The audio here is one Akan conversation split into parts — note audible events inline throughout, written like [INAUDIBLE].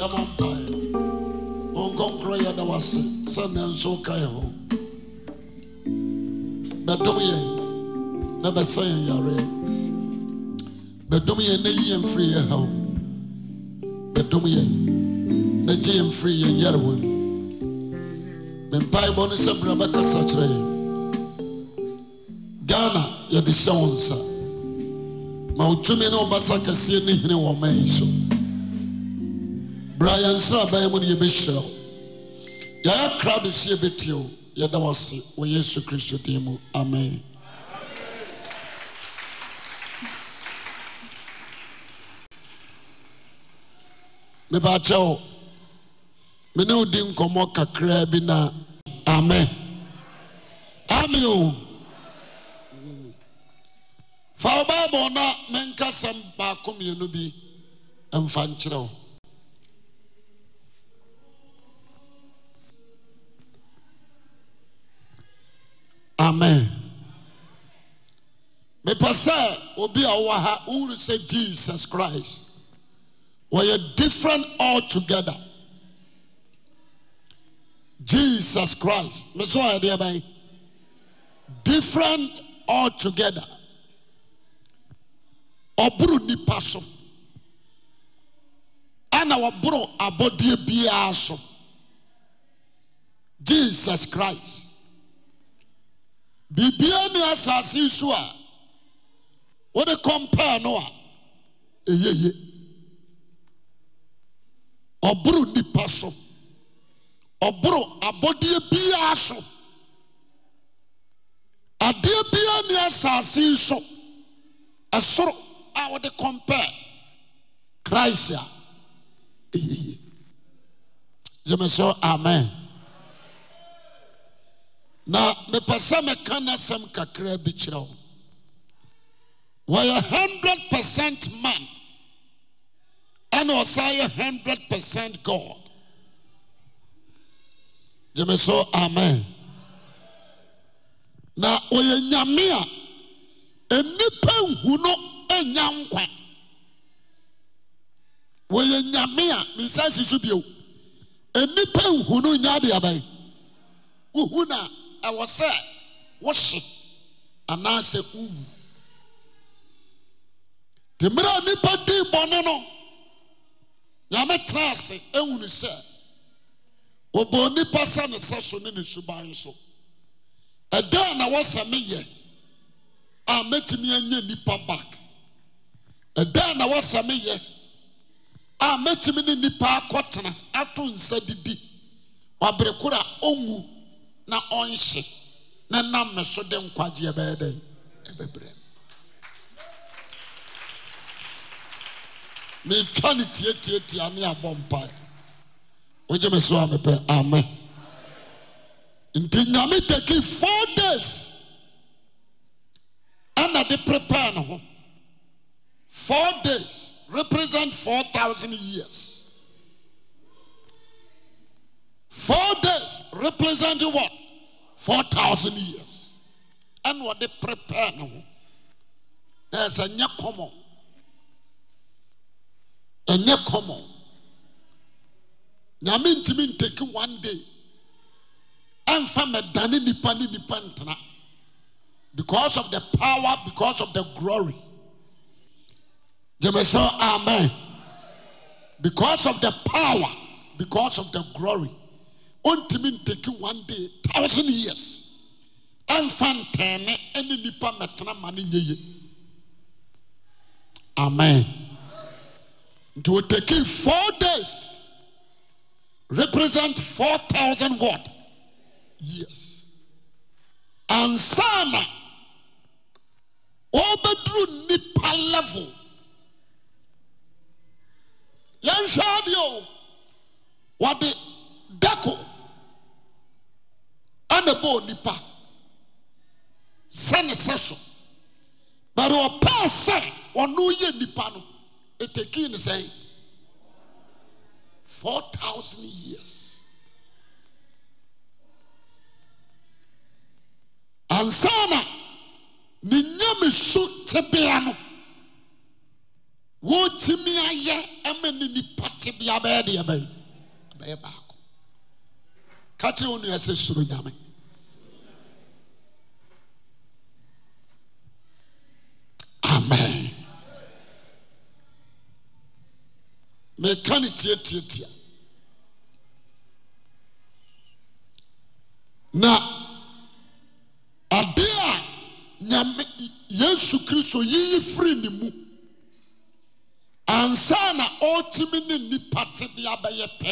yɛbɔ mpaeɛ wonkɔnkorɔ yɛ da wase sɛ nanso woka yɛ ho bɛdom yɛn na bɛsɛ yɛn yareɛ bɛdom yɛn na yi yɛn firi yɛn haw bɛdom yɛn na gye ghana ya hyɛ wo nsa ma wotumi ne wobasa kɛseɛ ne hene wɔ ma brɛ yɛnsoraban mu no yɛbɛhyirɛ w yɛaɛ krado so yɛbɛtio yɛdɛ wɔ se wɔ yesu kristo din mu amen mebɛakyɛ wo mene wodi nkɔmmɔ kakraa bi noa amen ameo fawobaabɔ na menkasɛ baakomienu bi ɛmfa nkyerɛ wo amen Me sɛ obi a wowɔ ha jesus christ are different altogether jesus christ me so ɔyɛ deɛ different altogether Oburu ni paso. ana wɔboro abɔdeɛ biara so jesus christ biribia ni asase y so a wode kɔmpaa no a ɛyɛye ɔboro nnipa so ɔboro abɔdeɛ biara so adeɛ biara ne asase y so ɛsoro a wode kɔmpaa christ a ɛyɛye gyeme sɛ amen na me sɛ meka sam kakraa bi kyerɛ 100 percent man ɛna ɔsan 100 percent god gyeme so amen na ɔyɛ nyame a nnipa nhu no anya nkwa wɔyɛ nyame a mensa si so bio nnipa nhu ɛwɔ sɛ wohye anaasɛ wowu ti mmerɛ a nnipa dii bɔne no nyame tena ase ɛhunu sɛ wɔbɔɔ nnipa sɛ ne sɛ so ne ne suban so ɛda a na wɔsɛ meyɛ a mɛtumi anya nipa back ɛda a na wɔsɛ meyɛ a mɛtumi ne nnipa akɔtena ato nsa didi wabere koro a ɔnwu na ɔnhye na nam me so de nkwagyeɛ bɛyɛ dɛn ɛbɛbrɛ m metwa ne tietietia ne abɔ mpae wogye me so a mepɛ amɛ nti nyame taki four days ɛna de prepare ne ho four days represent four thousand years Four days representing what? 4,000 years. And what they prepare now. There's a new common. A new common. nyame take you one day And from nipa Dani, nipa ntena because of the power because of the glory gyeme sɛ amen because of the power because of the glory ɔntumi taking one day thousand years And ntɛɛne ne nnipa mɛtena ma ne nyɛ ye amen nti ɔtaki four days represent four thousand what years ansa na ɔbɛduru nnipa level yɛnhwɛ adeɛ o the deco anabɔ onipa sɛne sɛ so but ɔpɛɛ sɛ ɔno yɛ nipa no ɛtɛkii ne sɛe 4000 years ansa na ne nyamesu tebea no wɔtumi ayɛ ma ne nnipa tebea bɛyɛ deɛ bɛyɛ baako ka kyerɛ wo nua sɛ suro nyame amen meka ne tiatiatia na ade a nyame yesu kristo yiyi firi ne mu ansa na ɔretumi ne nnipa tebea bɛyɛ pɛ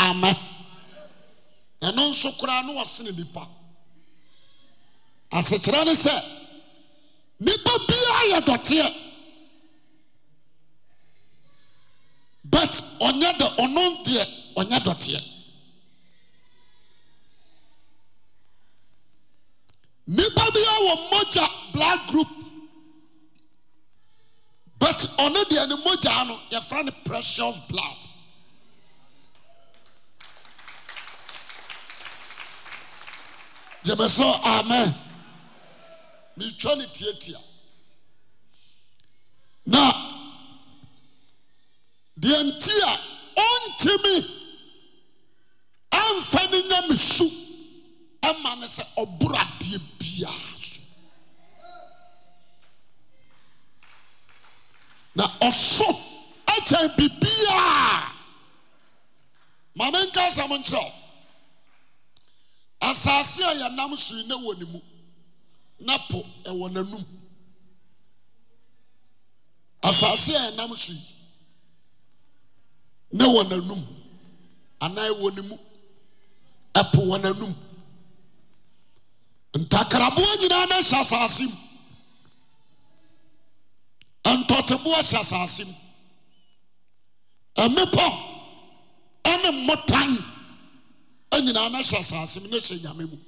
amen ɛno nso koraa ne wɔsene nnipa asekyerɛ ne sɛ nipa biara yɛ dɔteɛ but ɔnyɛ dɛ ɔno deɛ ɔnyɛ dɔteɛ nnipa biara wɔ mogya blood group but ɔno deɛ ne mogyaa no yɛfrɛ no precious blood gye mɛ sɛ a mɛ metwa ne tiatia na deɛnti a ɔntimi amfa ne nya mesu ma ne sɛ ɔborɔ adeɛ biaa so na ɔso akyɛn bibiaa mamɛnka sɛ mo nkyerɛ wo asase a yɛnam so yi ne wɔ ne mu na po ɛwɔ n'anum asase a yɛnam so yi ne wɔ n'anum anaa wɔ ne mu ɛpo wɔ n'anum ntakraboa nyinaa na hyɛ asase mu ntɔteboa hyɛ asase mu ɛmepɔ ɛne mmotan ninaa nhyɛ emyɛnen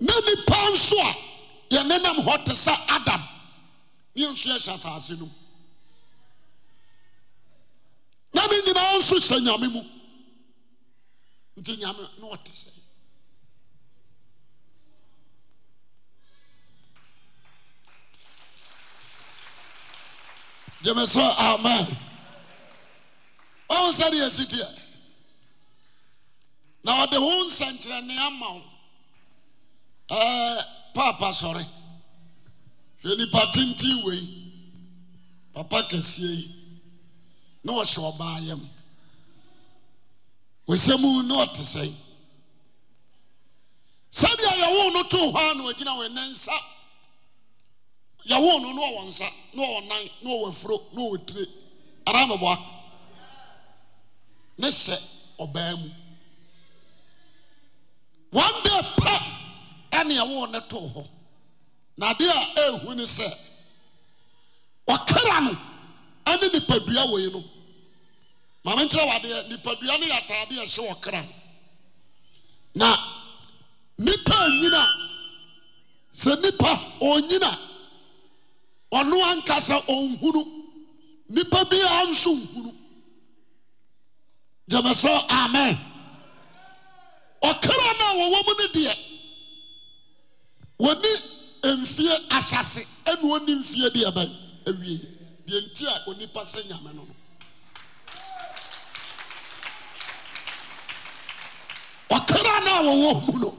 ne nnipa nso a yɛne nam hɔ te sɛ adam neyɛnso yɛhyɛ asase no mu na ne nyinaa nso hyɛ nyame mu nti nyame ne ɔte sɛ em so amen ɔhu sɛ deɛ asi deɛ na ɔde ho nsɛnkyerɛnne ama wo ɛɛ paapa sɔre hwɛ nipa tenten wei papa kɛseɛ yi na ɔhyɛ ɔbaa mu wɔhyɛ mu na ɔte sɛe sɛdeɛ yɛwo no too hɔ a na ɔgyina wɔ ne nsa yɛwo no na ɔwɔ nsa na ɔwɔ nan na ɔwɔ afuro na ɔwɔ tire ara mɛboa ne hyɛ ɔbaa mu one day pɛ ɛnea wɔn ne too hɔ na adeɛ a ɛrehu ne sɛ ɔkara no ɛne nipadua wɔ yi no maame nkyerɛ wadeɛ nipadua ne yɛ ataadeɛ ɛhyɛ ɔkra no na nipa anyina sɛ nipa ɔnyina ɔno ankasa ɔnhunu nipa biara nso nhunu gyamɛ sɛ ame ɔkra na a wɔwɔ mu no deɛ ɔni mfie asase ne ɔni mfie deɛ ɛbɛyɛ awiei deɛ nti a ɔnipa sɛ nyame no no ɔkra na a wɔwɔmu no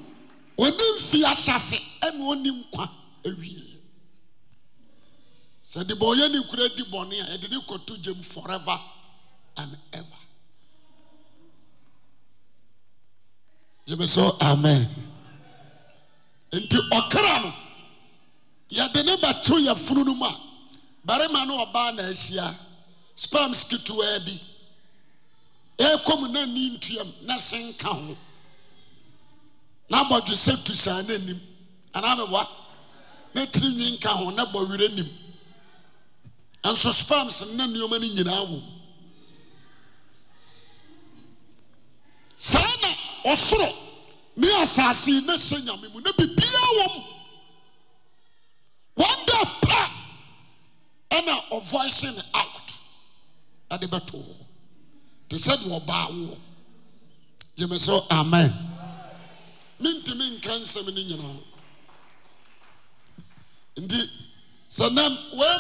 ɔni mfie asase ne ɔnim nkwa awiei sɛ de bɔɔ yɛ ni kuraa di bɔne a ɛde ne kɔto gyem forever an ever yɛ sɛ amen nti ɔkra mo yɛde ne bɛto yɛ fonu no mu a barema ne ɔbaa naahia sparms keteaa bi ɔkɔm ne ni ntuam ne se nka ho na bɔdwe sɛ tu saa ne nim anaa bɛboa ne tiri dwi nka ho ne bɔ werɛ nim nso sparms nna nneɔma no nyinaa wɔm ɔsoro ne asase yi ne hyɛ nyame mu ne bibia wɔ m one day pɛ ɛna ɔvoice out ɛde bɛto hɔ te ọba ɔbaa woɔ gyeme sɛ amen mentimi nka nsɛm no nyinaa nti sɛ nam wei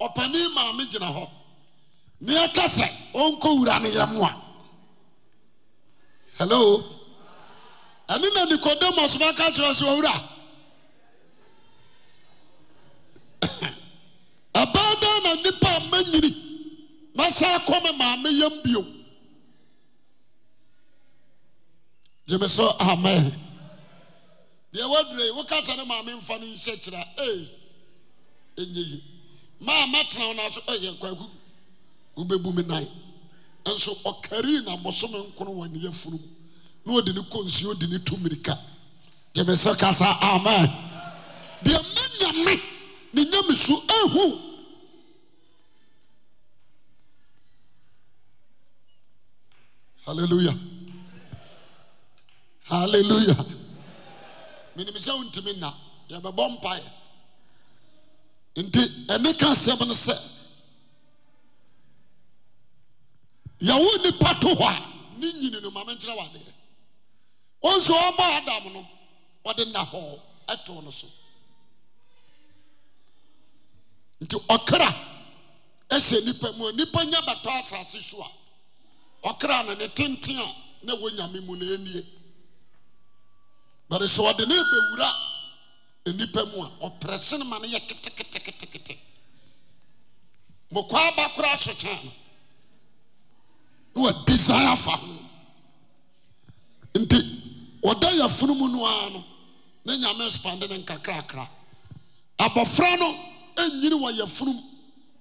ɔpani maame gyina hɔ neɛka sɛ ɔnkɔ wura a hello ɛne na nicodemus bɛka kyerɛ sɛ ɔwura ɛbɛɛ daa na nnipa a manyini mɛsa kɔ me maa meyam so amen deɛ woadurei wokasa ne maame mfa no nhyɛkyerɛ a ee ɛnyɛ yi maa mɛtena wo naa so ɛyɛ kwaku wobɛbu me nan nso ɔkarii na mɔsome nkron wa nneyaafuno mu ne ɔde ne konsiɛ ɔdi ne to mmirika dye me sɛ kasa aman deɛ mɛ nyame ne nyɛ me so ahu aleluya aleluya menim sɛ wontimi na deɛbɛbɔ mpaeɛ nti ɔme ka asɛm no sɛ yɛwo nnipa to hɔ a ne nyini no ma menkyerɛ wadeɛ ɔnso ɔbɔ adam no ɔde nna hɔɔ ɛtoo no so nti ɔkra ɛhyɛ nnipa mu a nnipa nya asase so a ɔkra no ne tenten a na wɔnyame mu no ɛnie bɛde sɛ ɔde ne bɛwura nnipa e mu a ɔprɛse no ma no yɛ keteketekete mokwaa ba koraa so kyɛn no ne wa san afa nti wɔda yɛfonomu no ara no ne nyame spande ne nkakrakra abɔfra no anyini wɔ yɛfunum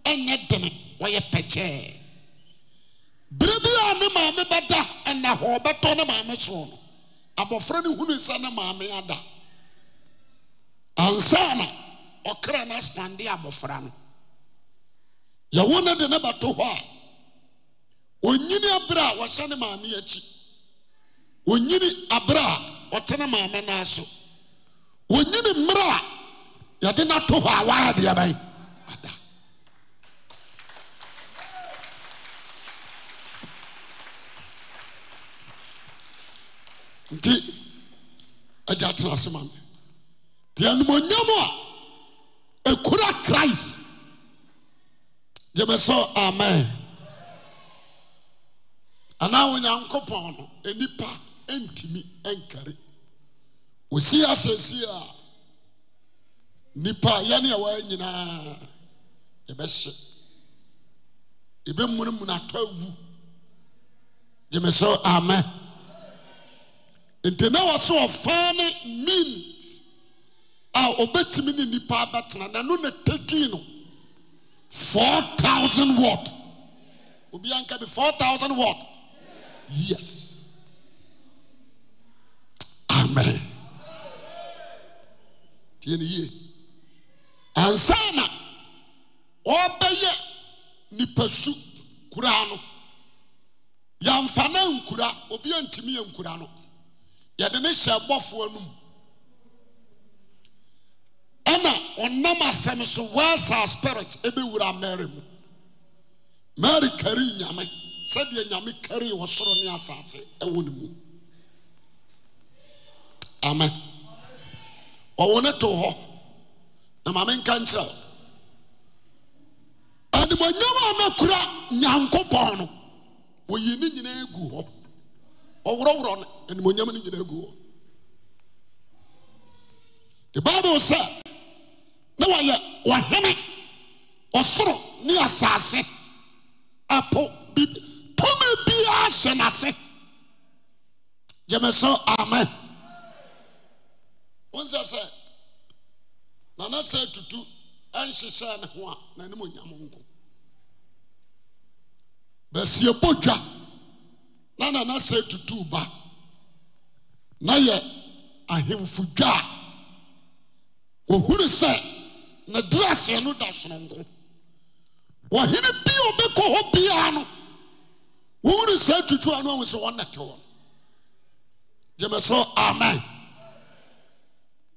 ɛnyɛ dene wɔyɛ pɛkyɛɛ berɛ bi a ne maame bɛda ɛna hɔ ɔbɛtɔ ne maame soɔ no abɔfra no hunu sɛ ne maame ada ansa na ɔkra no aspande abɔfra no yɛwo ne de ne bɛto hɔ a ɔnyini aberɛ a wɔhyɛ ne maame akyi ɔnyini abrɛ a ɔtena maamenaa so ɔnyini mmerɛ a yɛde natɔ hɔ awaa deɛbɛn ada nti agya atenaasomane de animonyam a akura krist gyemɛsɛ ama anaa onyankopɔn no anipa ntimi nkare ɔsi asɛsi a nnipa a yɛne ɛwɔa nyinaa yɛbɛhye yɛbɛmunomuno atɔ awu gyeme so Amen. nti wɔ so ɔfaa ne means a ɔbɛtumi ne nnipa abɛtena nano na taki no 4000 word obianka bi 4000 word yeas amen ndii neyie ansa na ɔbɛyɛ nipasu kuraa no yɛmfa na nkura obi antimi ya nkura no yɛde ne hyɛ bɔfoɔ anom ɛna ɔnam asɛm so waesaa spirit bɛwura mmare mu mary kari nyame sɛdeɛ nyame kareyɛ ɔsoro ne asase wɔ ne mu amɛ ɔwo ne to hɔ amamenka nkyerɛ animonyam a na kura nyankopɔn no wɔyii ne nyinaa agu hɔ ɔworɔworɔ ne animɔnyam no nyina agu hɔ bible sɛ ne wɔyɛ ɔhene ɔsoro ne asase apo bib hyɛ n'ase gyemɛ sɛ amɛ onsɛ sɛ nanasɛ atutu nhyehyɛ ne ho a nanim onyam nko bɛsiabɔ dwa na nanasa tutuu ba na yɛ ahemfodwa a wɔhuru sɛ ne derɛ aseɛ no da senonko ɔhene bia ɔbɛkɔ hɔ biaa no wɔhunu saa twitwua no awo sɛ wɔnɛ tewɔ no gyemɛsɛ amen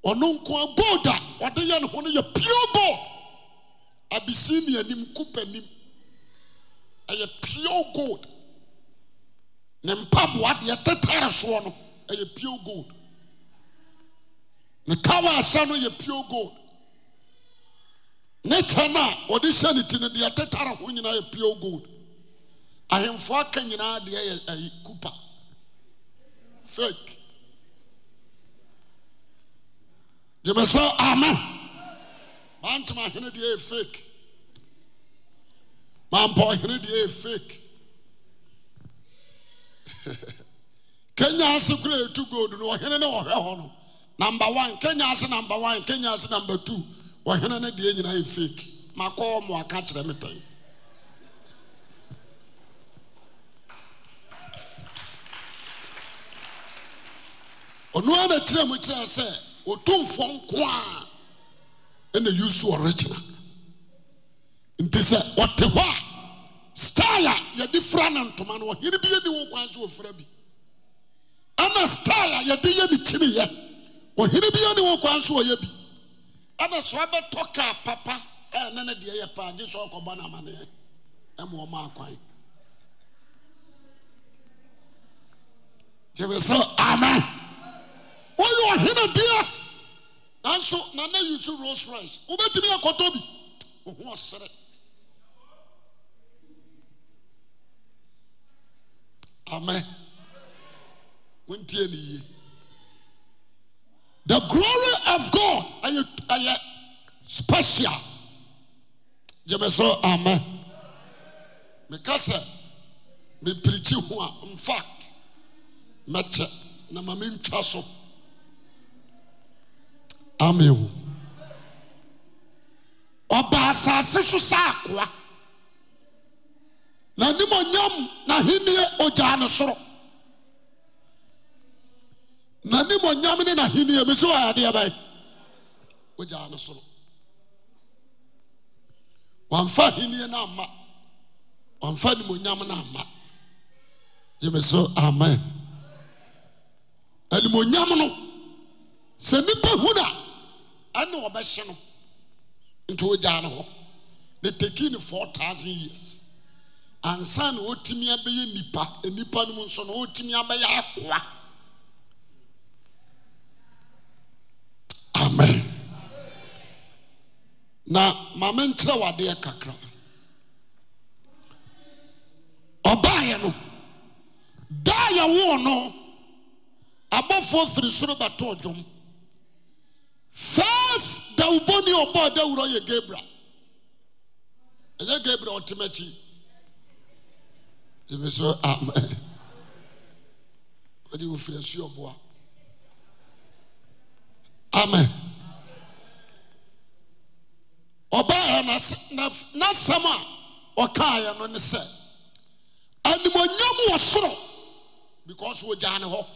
ɔno nko a goad a ɔde yɛ ne ho no yɛ pio gold abise neanim nkupanim ɛyɛ piw goad ne mpa boa deɛ tetare soɔ no ɛyɛ piw goad ne kawa asa no yɛ pi goad ne kyɛ ne a ɔde hɛ no ti no deɛ tetare ho nyinaa yɛ piw goad ahemfo aka nyinaa deɛ yɛ ayi kupa fake gyeme sɛ amen mantam ahene deɛ yɛ fake mampa ɔhene deɛ yɛ fake [LAUGHS] kenya ase kora yɛtu gold no ɔhene ne ɔhwɛ hɔ no number one kenya ase number one kenya ase number two ɔhene ne deɛ nyinaa yɛ fake makɔɔ mo aka kyerɛ me pɛn onu ara na kyerɛ mu kyerɛ sɛ ɔtomfoɔ nko a ɛna yusu ɔrekyina nti sɛ ɔte hɔ a style a yɛde fira ne ntoma no ɔhene bi yɛni wo kwan so ɔfira bi ɛna style a yɛde yɛ ne kyiniyɛ ɔhene bi eh, yɛni wo kwan so ɔyɛ bi ɛna so abɛtɔ kaa papa ɛne ne deɛ yɛ paa gye ɛma akwan wɔyɛ ɔhene deɛ nanso nana yi so rose rice wobɛtumi akɔtɔ bi wo ho ɔsere amen wontie ne yie the glory of god ɛyɛ ɛyɛ special gyeme so amen meka sɛ mepirikyi ho a infact mɛkyɛ na ma mentwa so ameo ọba asase so sɛ akụwa na nim na n'ahenni ogyaa ne soro na nim ɔnyam ne n'ahenni ebi so ya adeɛ bɛyɛ ogyaa ne soro wɔnfa ahenni na ama wɔnfa nim ọnyam na ama yɛmɛ so amen ọnyam no sɛ nipa hu na. nne wɔbɛhye no nti wogya ne hɔ ne teki ne 4 00 years ansa na ɔtumi abɛyɛ nipa nipa no mu so na ɔtumi abɛyɛ akoa amen na mamɛnkyerɛ wadeɛ kakra ɔbaeɛ no da yɛwoo no abɔfoɔ firi soro bɛtɔɔ dwom first dawuboni ɔbɔɔ dawuro ɔyɛ gabrial ɛyɛ gabriel ɔtema akyi tibi so am wodewofirisuɔboa ame ɔba ɛ n'asɛm a ɔkayɛ no ne sɛ animɔnyam ɔ soro because wɔgyane hɔ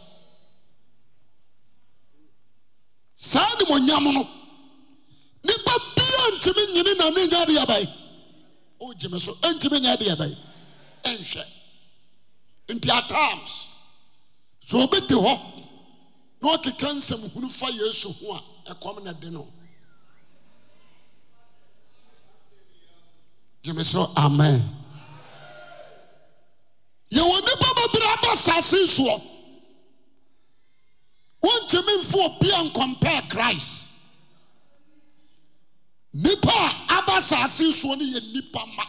saa nnimɔnyam no nnipa bi a ntimi nyine nane nyɛ ade ɛbae o gyime so ntimi nyɛ ade abai nhwɛ nti atarms sɛ obɛte hɔ na ɔkeka nsɛmhunu fa yesu ho a ɛkɔm ne de no gyeme so amen yɛwɔ nipa baberɛ aba sase soɔ wontimi mfo ɔbia nkɔmpare christ nnipa a aba saase soɔ ne yɛ nnipa ma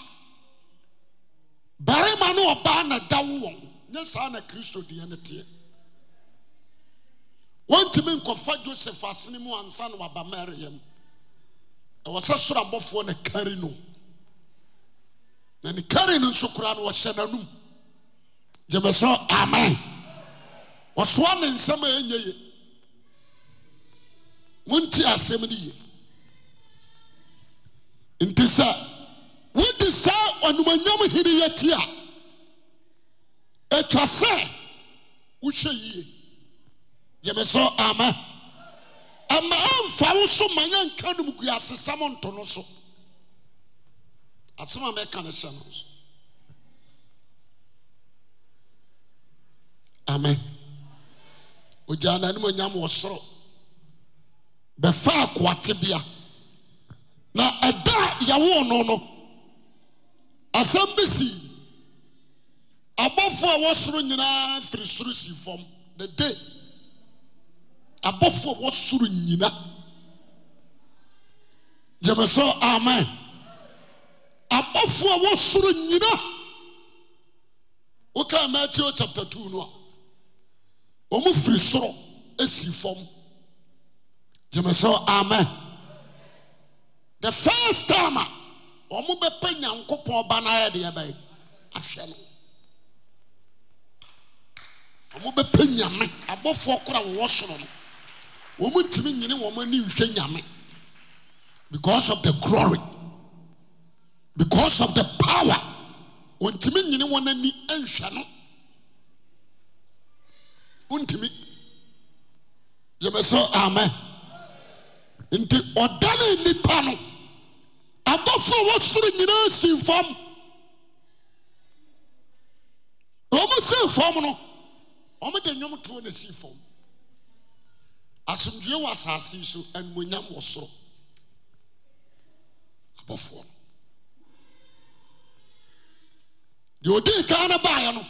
barima ne ɔbaa na da wo wɔn nyɛ saa na kristo deɛ no teɛ wɔntimi nkɔfa josef asene mu ansa no wɔaba marea m ɛwɔ sɛ sorobɔfoɔ ne kari noh nane kari no nso koraa no wɔhyɛ n'anom gyemɛsɛ amen wɔsoa ne nsɛm a ɛnyɛ yɛ wonti asɛm no ye nti sɛ wode sa animanyam hine yɛ ti a atwa sɛ wohwɛ yie yeme sɛ ama amaamfa wo so mayɛ nka nom guaasesɛm nto no so asɛm a mɛɛka no hyɛ no so ame ogya n'anomanyam wɔ soro bɛfaa koate bia na ɛda a yɛwoɔ no no asɛm besi abɔfoɔ a wɔsoro nyinaa firi soro sifam ne de abɔfo a wɔ soro nyina gyeme sɛ amen abɔfoɔ a wɔsoro nyina wokaa mateo chapta 2 no a ɔmu firi soro asifam gyeme sɛ amen the first time a ah, wɔmobɛpɛ nyankopɔn ba no ayɛ deɛ bɛyɛ ahwɛ no wɔmobɛpɛ nyame abɔfoɔ kora wɔwɔ soro no wɔn ntumi nyine wɔn ani nhwɛ nyame because of the glory because of the power wɔn ntumi nyine wɔn ani nhwɛ no wɔn ntumi yɛmɛ sɛ amen. nti ɔda ne nnipa no abɔfoɔ wɔsoro nyinaa simfam na ɔmɔseifam no ɔmade nnwɔmtoɔ ne asiifam asomdwoeɛ wɔ asase yi so anmunyam wɔ soro abɔfoɔ no deɛ ɔdii kaa no baeɛ no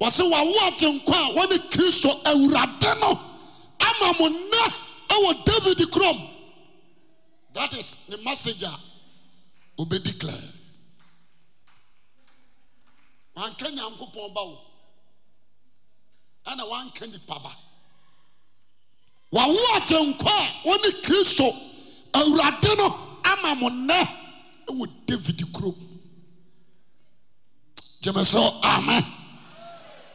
wɔ sɛ wawo agyenka a wɔne kristo awurade no ama mo nɛ awɔ david kurom that is the messenger obɛ declare wanka nyankopɔn ba wo ɛna wanka na ba wawo agyenkɔ a wone kristo awurade no ama mo nnɛ wɔ david kurom gyeme sɛ amen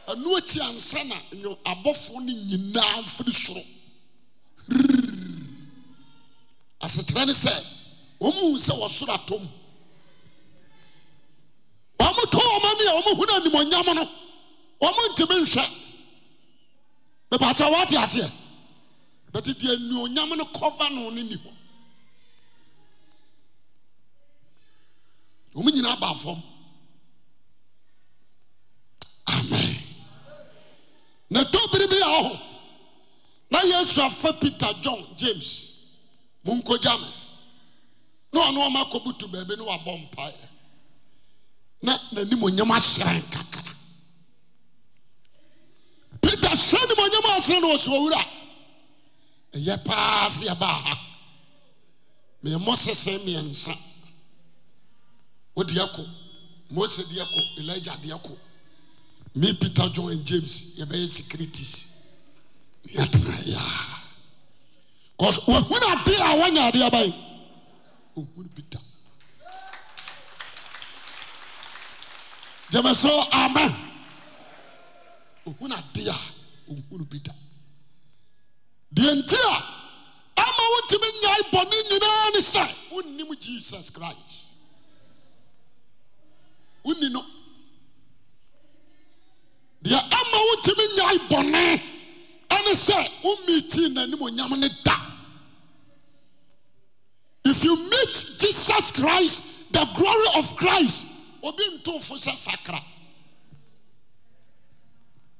ɛno akyi ansa na abɔfoɔ no nyinaa mfiri soro asekyerɛ ne sɛ ɔmowu sɛ wɔsoro tɔ m wa motɔ ɔmaneɛ ɔmohunu nnimɔnyam no wɔ montimi nhwɛ mɛpakyeɛ waate aseɛ bɛte deɛ nnuɔnyam no kɔva no ne ni hɔ ɔmo nyina baafɔm ame na dɔ bire bia ɔ ho na yesu afa pita jon james monkɔgya me ne ɔno ɔma akɔbutu baabi ne wabɔ mpaeɛ na n'animonyam ahyerɛn kakra peter hyɛ animonyam ahyerɛ na ɔsi owura ɛyɛ paa sɛ ɛbaa ha mɛmmɔ sesɛ mmiɛnsa wode ɛkɔ mose deɛ kɔ elijah deɛ me peter john and james yɛbɛyɛ securities ne yɛtena yaa ohunu ade a woanyaadeabae ɔhunu bida gyamɛ so ama ohunu ade a ɔhunu bida deɛ nti a ama wotumi nyae bɔne nyinaa ne sɛ wonnim jesus christ wonni no deɛ ama wotumi nyae bɔne ɛne sɛ womeetii n'animonyam ne da if you meet jesus christ the glory of christ obi ntomfo sɛ sakra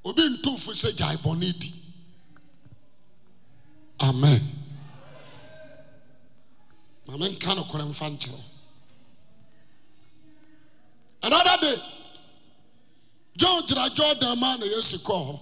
obi ntomfo sɛ gyaebɔne di amen ma menka nokorɛ mfa nkyerɛ another day john gyina jordan maa na yesu kɔɔ hɔ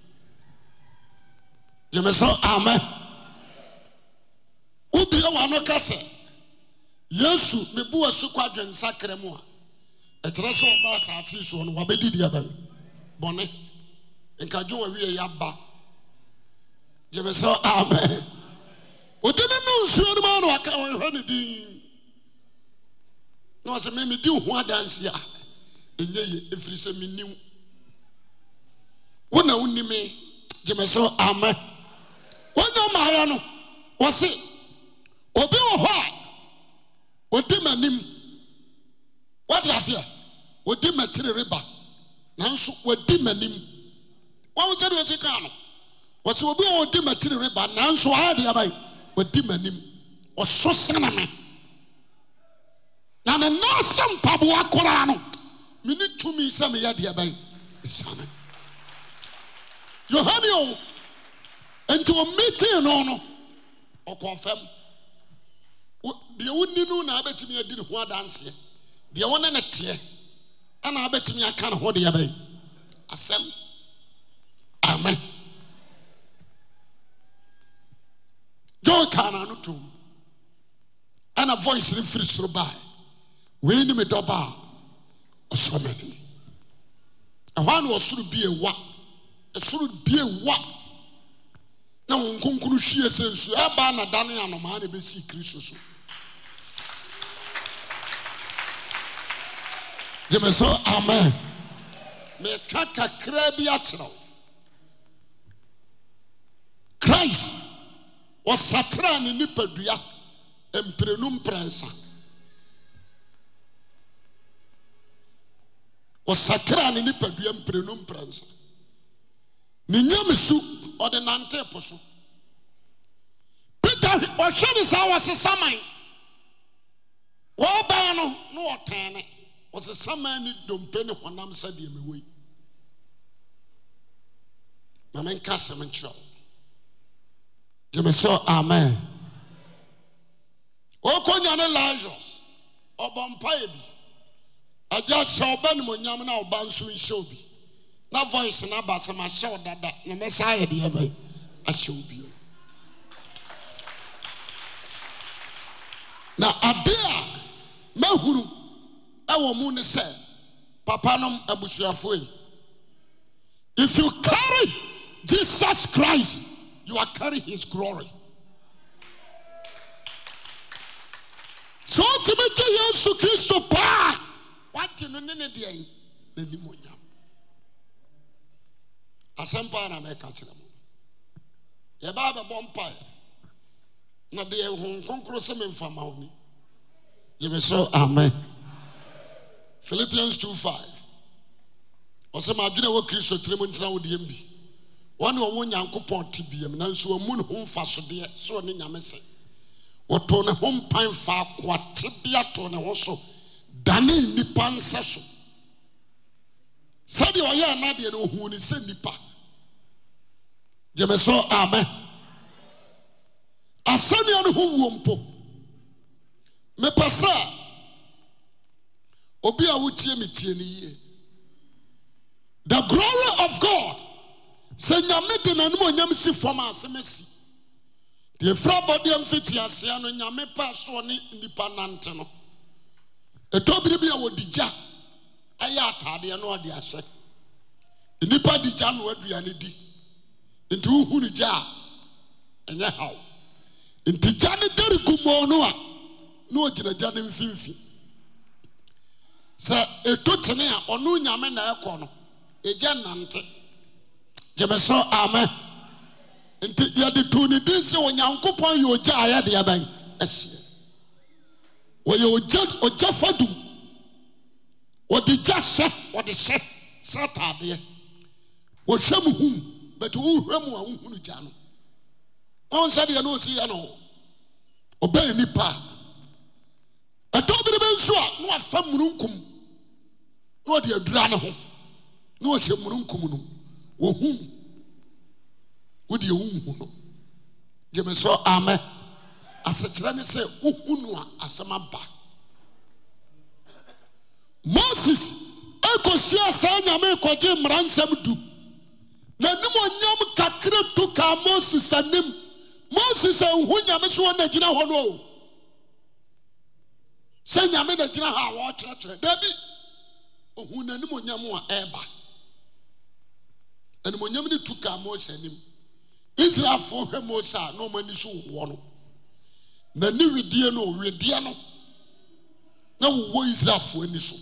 gyeme sɛ amɛ wodua w'ano ka sɛ yesu mebu w'asu kɔ adwensakra mu a ɛkyerɛ sɛ ɔba asase soɔ no wabɛdi deɛ bɛn bɔne nkadwo wawie yɛaba gyeme sɛ amɛ ɔde ne no nsuo no ma na waka wɔhwɛ ne din na ɔsɛ memedi ho adanse a ɛnyɛ ye ɛfiri sɛ mennim wo na wonim gyeme sɛ amɛ wonya maaeɛ no wɔ se obi wɔ hɔ a ɔdi m'anim wode aseɛ ɔdi m'akyirereba nanso wadi m'anim wawo sɛdeɛ ɔsi kaa no wɔ sɛ obi a ɔdi m'akyirereba nanso aadeɛ abae wadi m'anim ɔso sene me na ne naasɛ mpaboa koraa no mene tumi sɛ meyɛ deɛ bɛn ɛsiane yohane o nti ɔmetee no no ɔkɔɔfam deɛ wonni no na abɛtumi adi ne ho adanseɛ deɛ wo ne teɛ ɛna abɛtumi aka ne ho deɛ bɛn asɛm amɛ john kaana no tom ɛna voice no firi soro bae wei nim dɔba a ɔsɔ m'ani ɛhɔ a na ɔsoro bie wa ɛsoro bie wa wonkonkon hwe sɛnsu abaa na dane anɔmaa ne bɛsii kriso so demso amen meka kakraa bi akyerɛ w krist ɔsatrɛa ne nipadua mpɛnu mprɛnsa ɔsatraa ne nipadua mprɛnu mprɛnsa menyamsu ɔde nante po so peter ɔhwɛ ne saa wɔsesa man no na wɔtɛn ne wɔsesa man ne dompe ne honam sɛdeɛ mɛwɔ yi na menka asɛm nkyerɛ wo gyeme sɛ amen ɔkɔnya ne lazarus ɔbɔ mpaeɛ bi agya hyɛ ɔba nimonyam na ɔba nso nhyɛw bi na voice no aba sɛ mahyɛ wo dada na mɛsa ayɛ deɛ bɛ ahyɛ wo bio na ade a mahunu ɛwɔ mu ne sɛ papa nom abusuafoɔ yi if you carry jesus christ you are carrying his glory sɛ wotumi gye yesu kristo paa woagye no ne ne deɛn n'animonyam asɛm na mɛka kyerɛ mu yɛbaa bɛbɔ mpaeɛ na deɛ honhom kronkro sɛ memfa ma wo ni yɛbɛsɛ amen philippians 2:5 ɔsɛ maadwene a wɔ kristo tirim ntena wo deɛm bi wɔne ɔwɔ nyankopɔn te biam nanso amu ne ho mfa sodeɛ sɛ ɔne nyame sɛ wɔtoo ne ho mpan faakoate bia too ne ho so dane nnipa nsɛ so sɛdeɛ ɔyɛ anadeɛ no ɔhuu ne sɛ nnipa gyeme so amɛ asɛnnea no ho wuo mpo obi a wotie metie no yie the glory of god se nyame de n'anom onyam si mesi. asɛm asi deɛ ɛfiri abɔdeɛ mfitiaseɛ anu nyame pɛ soɔ ne nnipa nante no ɛtɔ biri bi a wɔdi gya ɛyɛ ataadeɛ no ɔde ahyɛ nnipa di gya no aduane di nti wohu ne gya a ɛnyɛ haw nti gya ne darugumo no a ne ɔgyinagya ne mfimfi sɛ ɔto tene a ɔno nyame na ɛkɔ no ɔgya nante gyeme so ama nti yɛde tone din sɛ ɔnyankopɔn yɛ ɔgyaa yɛdeɛ bɛn ɛhyiɛ wɔyɛ yaɔgya fa dum ɔde gya hyɛ ɔde hyɛ sɛ taadeɛ wɔhwɛ m hum but wohwɛ mu a wohunu gya no ɛho nsɛdeɛ ne ɔsi yɛ no ɔ ɔbɛa nipa a ɔdɔ bere bɛ nsu a ne wafa mmunonkum na ɔde adura ne ho ne wɔhyɛ mmununkum nom wɔhum wodeɛ wonhu no gyeme sɛ amɛ asekyerɛ ne sɛ wohu nu a asɛm aba moses kɔsie asɛa nyamekɔgyee mmara nsɛm du nanimonyam kakra tu kar moses anim moses anhuu nyame so wɔ nagyina hɔ no o sɛ nyame nagyina hɔ a wɔkyerɛkyerɛ daabi ɔhuu nanimonyam a ɛba animɔnyam ne tu kar mosi anim israelfoɔ hwɛ mose a na ɔmani so woɔ no nani wedeɛ no wedeɛ no na wowɔ israelfoɔ ani so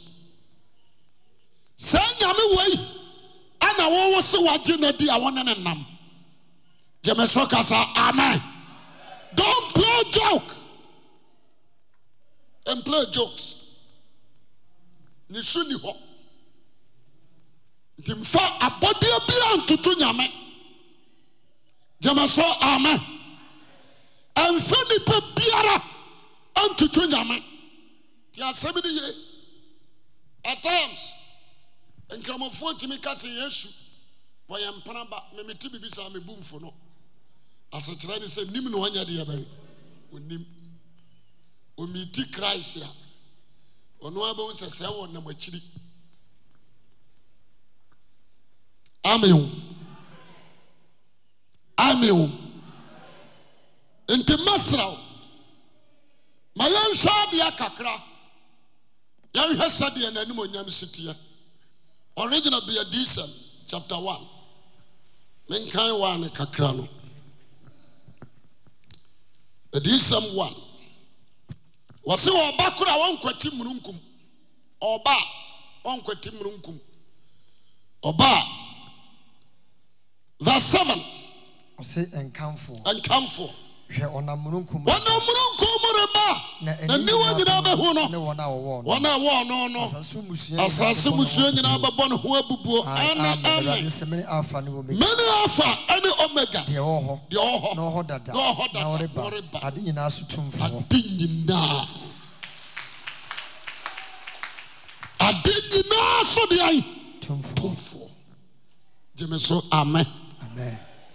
saa nyame wai ana wɔwɔ sɛ wagye no di a wɔne ne nam gyeme so kasa amen don't play joke and play jokes ne su ni hɔ nti mfa abɔdeɛ biara ntoto nyame gyeme so amen ɛmfa nnipa biara ntoto nyame nti asɛm no ye at times nkramofoɔ tumi ka sɛ yesu wɔyɛ mpena ba memete biribi saa mebu mfo no asekyerɛ ne sɛ nim ne wanyɛ deɛ bɛn ɔnim ɔmiti christ a ɔno a bɛhu sɛ sɛ wɔ nam akyiri amen amen nti mɛsrɛ wo ma yɛnhwɛ adeɛ kakra yɛnhwɛ sɛdeɛ n'anim ɔnyam seteɛ original be addition chapter 1 menkan wa ne kakra no addition 1 wɔse ɔba koro a wɔnkwati mununkum ɔba a wɔnkwati mununkum ɔba a verse 7 ɔse nkamfoɔ nkamfoɔ ɔnam mununkum reba na niwa nyinaa bɛhu no wɔn a wɔn no no asase nyinaa ne ho afa omega deɛ ɔwɔ na ɔhɔ dada na ɔreba ade nyinaa so tumfoɔ ade nyinaa nyinaa so ayi so amen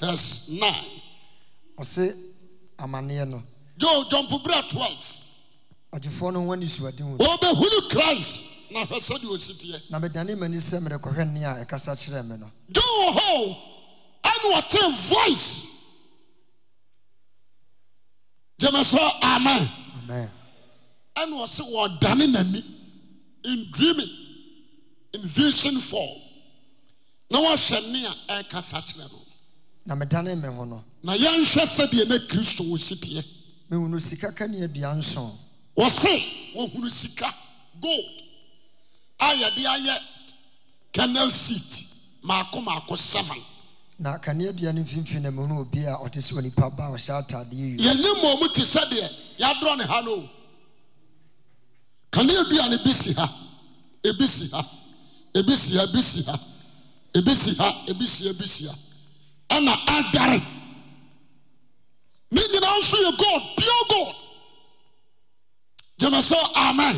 verse nine amaneɛ no dwɔmpobere 12 ɔgyefoɔ no ho anisoaden wɔ ɔbɛhunu christ na hwɛ sɛdeɛ ɔsiteɛ na medane m'ani sɛ merekɔhwɛ nne a ɛkasa kyerɛɛ me no dwon hɔ ɛne ɔtee voice gyeme so amen amen ɛne ɔse wɔdane n'ani in dreaming in vision form na wɔhwɛ nne a ɛkasa kyerɛ no na medane me ho no na yɛnhwɛ sɛdeɛ ne kristo wɔ siteɛ mehunu sika kaneadua nsoɔ ɔ se wɔhunu sika gold a yɛde a yɛ kanel seat maako maako 7 na kaneadua ne mfiimfii nammunu ɔbia ɔte sɛ onipa baa ɔhyɛ atadey i yɛnyɛ mmamu te sɛdeɛ yɛdorɔ ne ha na o kaneadua ne bi si ha ɛbi si ha bsiha b si ha ɛbsiha bibsiha ɛna adare ne nyinaa nso yɛ god pure god gyeme sɛ amen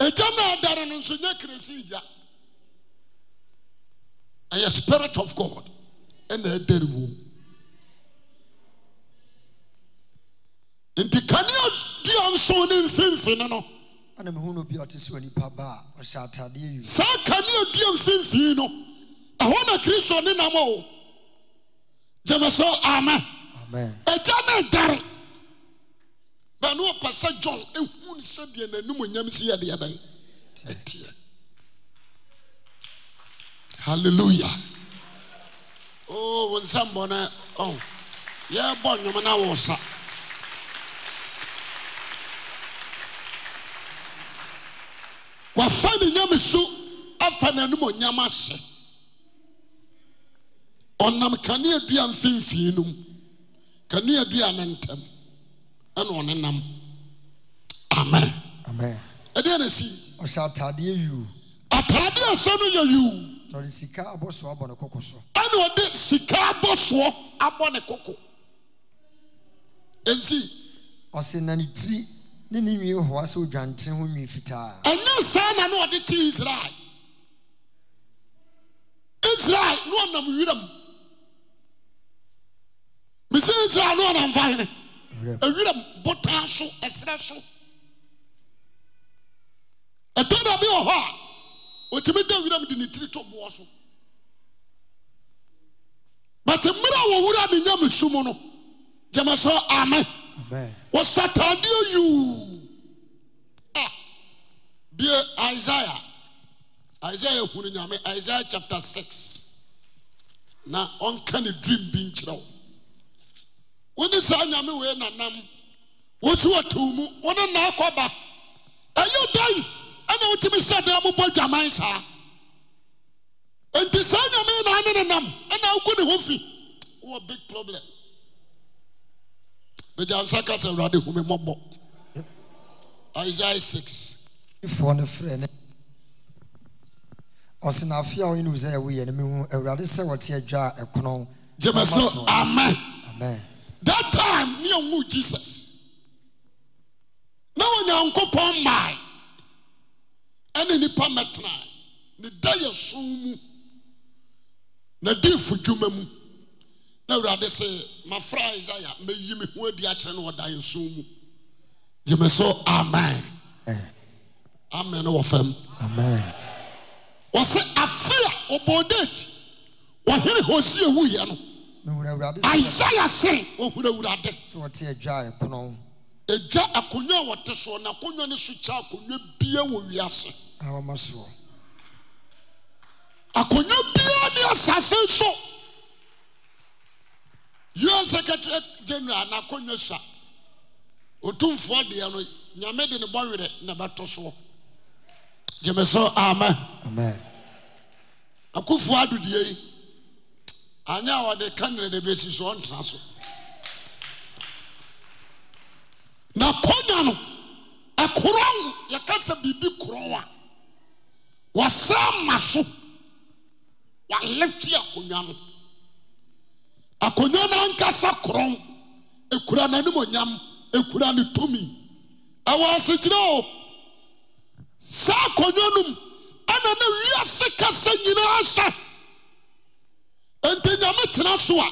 agya na adare no nso nyɛ kresi gya ɛyɛ spirit of god ɛna ɛdare wom nti kanea dua nso ne mfimfini no ɛna mehunu bi ɔte sɛ onipa ba a ɔhyɛ atadeɛ yi saa kanea dua mfimfini no ɛhɔ na kristo ne nam o gyeme sɛ amen agya ne dare bɛ ne ɔpɛ sɛ dyɔl ɛhu n sɛbiɛ n'anomɔnyam so yɛdeɛ bɛ dɛdiɛ haleluya nsɛmbɔne yɛrbɔ nwom no wosa waafa ne nyamsu afa n'animɔnyam ahyɛ ɔnam kane adua mfimfii nom kanuadia ne ntɛm ɛna ɔne nam ama ɛde nosi ɔhyɛ ataadeɛ yiu ataadeɛ asɛ no yɛ yiu na ɔde sika abɔ soɔ abɔ ne koko so ɛna ɔde sika abɔ soɔ abɔ ne koko ɛnsi ɔse n'ane tii ne ne wii hoa sɛ ɔdwantene ho nnwi fitaaa ɛnɛ saa na ne ɔde te israel israel na ɔnam weram mesi israel ne ɔnamfa hene ɛwerɛ botaa so ɛserɛ so ɛtɔ da bi wɔ hɔ a ɔtumi da mi de ne tiri to boɔ so but mmerɛ a wɔwura ne nya mesu mu no gyama sɛ amɛ wɔsataadeɛ yuu a ah, bie isaia isaia hunu nyame isaia chapter 6 na ɔnka dream bi nkyerɛ wone saa nyame wei nanam wo so wɔtoo mu wo ne naa kɔba ɛyɛ dae ɛna wotumi sɛ daa mobɔ dwaman saa enti saa nyame naa ne ne nam ɛna wogu ne ho fi wowɔ big problem megyansa ka sɛ awurade hu me mmɔbɔ isaia 6 foɔ no frɛ ne ɔsenafe a woyene wo sɛ ɛwoyɛ no mehu awurade sɛ wɔte adwa a ɛkono gyeme so amen amen Mu jesus na onyankopɔn mae ɛne nnipa mɛtenae ne da yɛ som mu na diifo dwuma mu na awurade sɛ mafra isaia mɛyi me ho adi akyerɛ ne wɔda yɛ som mu gyeme so amen eh. amen wɔ fam wɔ sɛ afe a ɔbɔɔ dati wɔhene hosie wuiɛ no isaia sɛ hrarade adwa akonwa a wɔte soɔ na konwa ne sokya akonnwa biaa wɔ wiase akonnwa biaa me asaase nso us sekɛt general na akonwa sua ɔtomfoa deɛ no nyame de ne bɔwerɛ na bɛto so gyeme so ama akofoɔ adoduei anya a wɔde kanea de bɛsi so ɔntena so na konya no ɛkorɔn yɛka sɛ biribi korɔn a wɔsra ma so wɔalefte akonnwa no akonnwa no ankasa korɔn ɛkura n'animonyam ɛkura ne tumi ɛwɔ asekyerɛ o saa akonnwa no m ɛna ne wiase kasa nyinaa hyɛ enti nyame tena so a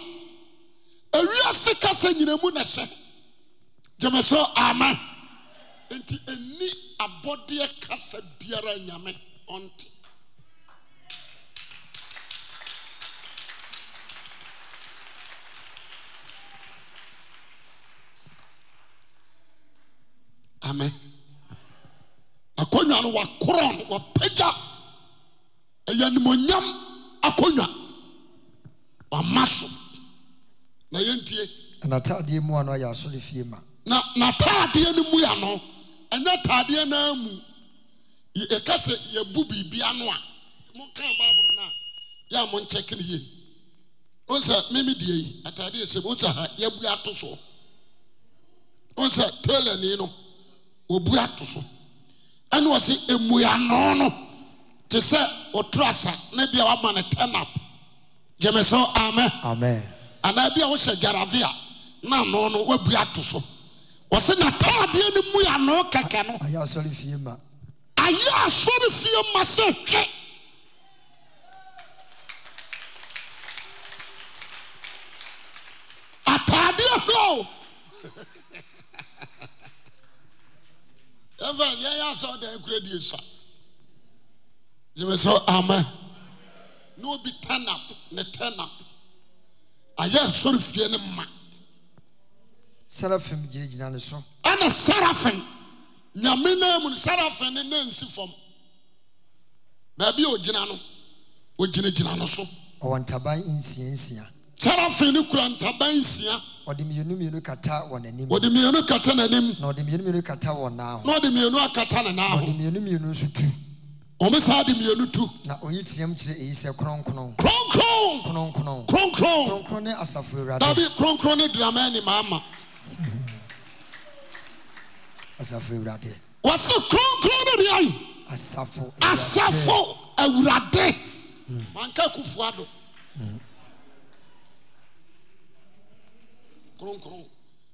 awiase kasa nyinamu ne hɛ gyeme so amɛ enti ɛnni abɔdeɛ kasa biara nyame ɔnte a akonwa no wakorɔ n wapagya ɛyɛ animonyam akongwa wama so na yɛntie natadeɛ mu a no ayɛ asɔre fie ma na nataadeɛ no mu ya no ɛnyɛ taadeɛ naa mu yɛka sɛ yɛbu biribia no a mokaa baaborɔ no a yɛ a monkyɛke ne yie ɔn sɛ meme deɛ yi ataadeɛ sɛ ɔn sɛ ha yɛabu ato soɔ ɔn sɛ tailani no wɔbu ato so ɛne ɔse ɛmuano no te sɛ ɔtoro asa na bia wama no turn up gyemeso amɛ anaa bia wohyɛ gyarave a na no no wabua ato so ɔ sɛ natadeɛ no muyɛano kɛkɛ no aɛ asɔre fiema sɛ hwɛaeɛ ɛɛ [LAUGHS] sɔ deɛkrɛdihya emeso am ne ɔbi tanap ne tanap ayɛ sɔrefirie ne ma sarafe gyeɛgyinane so ana sarafen nyamenoa mu no sarefen ne nansifam baabi a ɔgyina no ɔgyinagyina no so wɔ ntaba nsasa sarefen no kura ntaba nsia deata nɔde in kata nnindat nho na ɔde in akata nenaa hods tu ɔɛsaa demintɛaikɔnkɔn ne dramania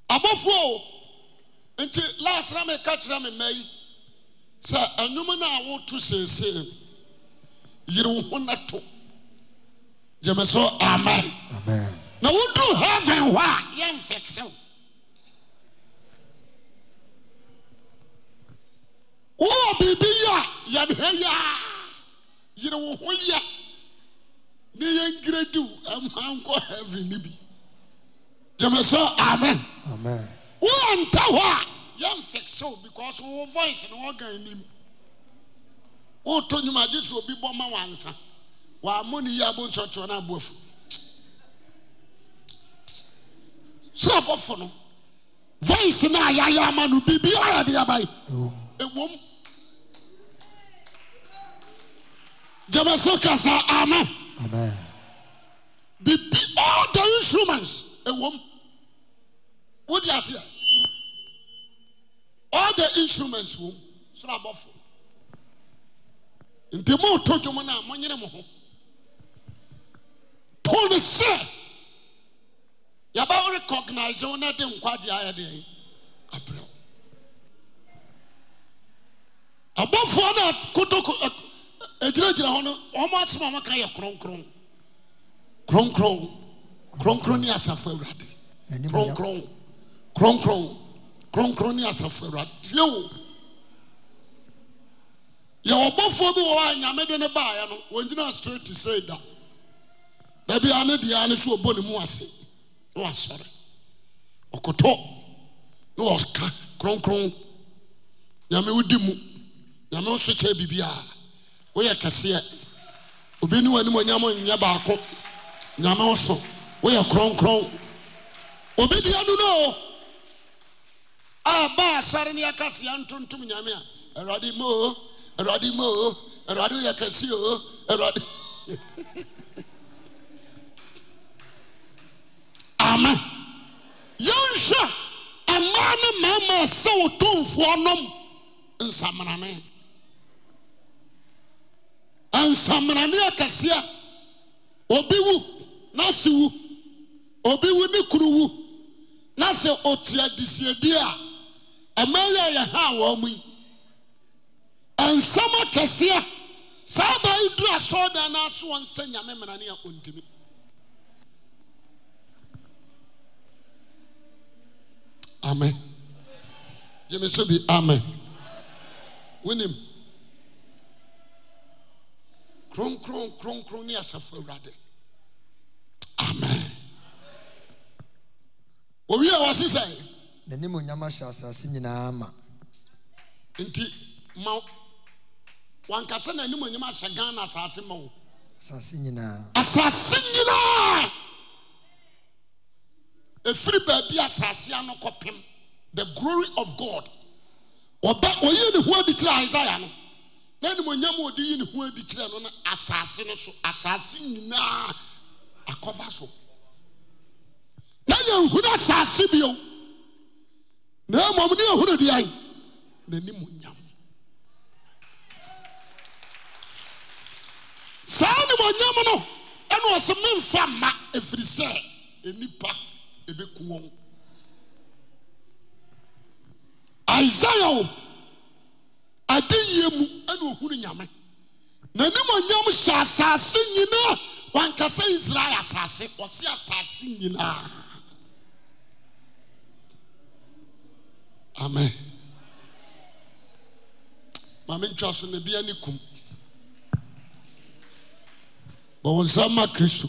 aɔɛaɔɔ nti lasra meka kerɛmeai sɛ anwom no a woto seeseem yere wo ho nato gyamɛ sɛ amɛn na wodu heavin hɔ a yɛmfiksɛ m wowɔ biribi yɛ yɛdehɛ yia yere wo ho yɛ ne yɛnkyira diw ɔha nkɔ hevin ni bi gyamɛ sɛ amɛn wowɔ nta hɔ a yɛmfiksɛo because wowɔ voice no woga nim woretɔ nnwumagye sɛ obi bɔ ma wansa wamɔne yiabo nsɔtoa ne aboafu sɛ bɔfo no voice na ayɛyɛ ama no birbi aradeɛbae gyamasokasa ama bibi all te insrumans ɛwom wodi asea da instruments ɔmso ɔfo nti moɔtɔ dwom no a monyene m ho po ne sɛ yɛbawo recognise wo ne de nkwagye ayɛ de abɛwbɔfoɔ na eh, eh, agyiragyira hɔ no ɔm asom maka yɛ kronkron kronn kronkron niɛ asafo awurade on kronkron knkn asafo awuradiɛo yɛɔbɔfoɔ m wɔ a nyamede ne bayɛ no ɔgyina stant sɛnda da bia ne diɛa ne sɛ ɔbɔ ne muase ne waasɔre ɔkotɔ ne wɔka kronkrɔn nyame wodi mu nyame woso kyɛɛ biribi a woyɛ kɛseɛ obinoanimɔnyamyɛ baako nyame w so woyɛ krnkrɔn bɛdian no o a baa asɔre ne yɛkaseɛ ntontom nyame a awurade ma o awurade ma o awurade woyɛ kɛse o awurade amen yɛnhwɛ ɛmaa ne mmarima ɛsɛ wo tomfoɔ nom nsamanane nsamanane akɛseɛ obi wu na se wu obi wu ne kuru wu na sɛ ɔte adisiadie a ɛma yɛ yɛ ha wɔ mu yi ɛnsɛm akɛseɛ saa baa yi duru asɔɔdan na aso wɔn nsa nyame mmara ne a ɔntumi amen gyeme so bi amen wonim kronkron kronkron ne asafo awurade amen owie wɔ se nanim onyam ahyɛ asase nyinaa ma nti ma wankasɛ nanim onyam ahyɛ ghan no asase ma o asase nyinaa asase nyinaa ɛfiri baabi asase anɔkɔpem the glory of god ɔbɛ ɔyii ne ho di kyireɛ isaia no na nimonyam a ɔde yii ne ho a di kyirɛɛ no no asase no so asase nyinaa akɔva so na yɛ nhune asase bio na mmm ne hunu dea nanim onyam saa nimɔnyam no ɛna ɔsememfa ma ɛfiri sɛ nipa ɛbɛku wɔn isaia o adeye mu na ɔhunu nyame nanim onyam hyɛ asase nyinaa wankasɛ israel asase ɔse asase nyinaa amɛ mamentwa so nebia ne kum bɛwo sa ma kristo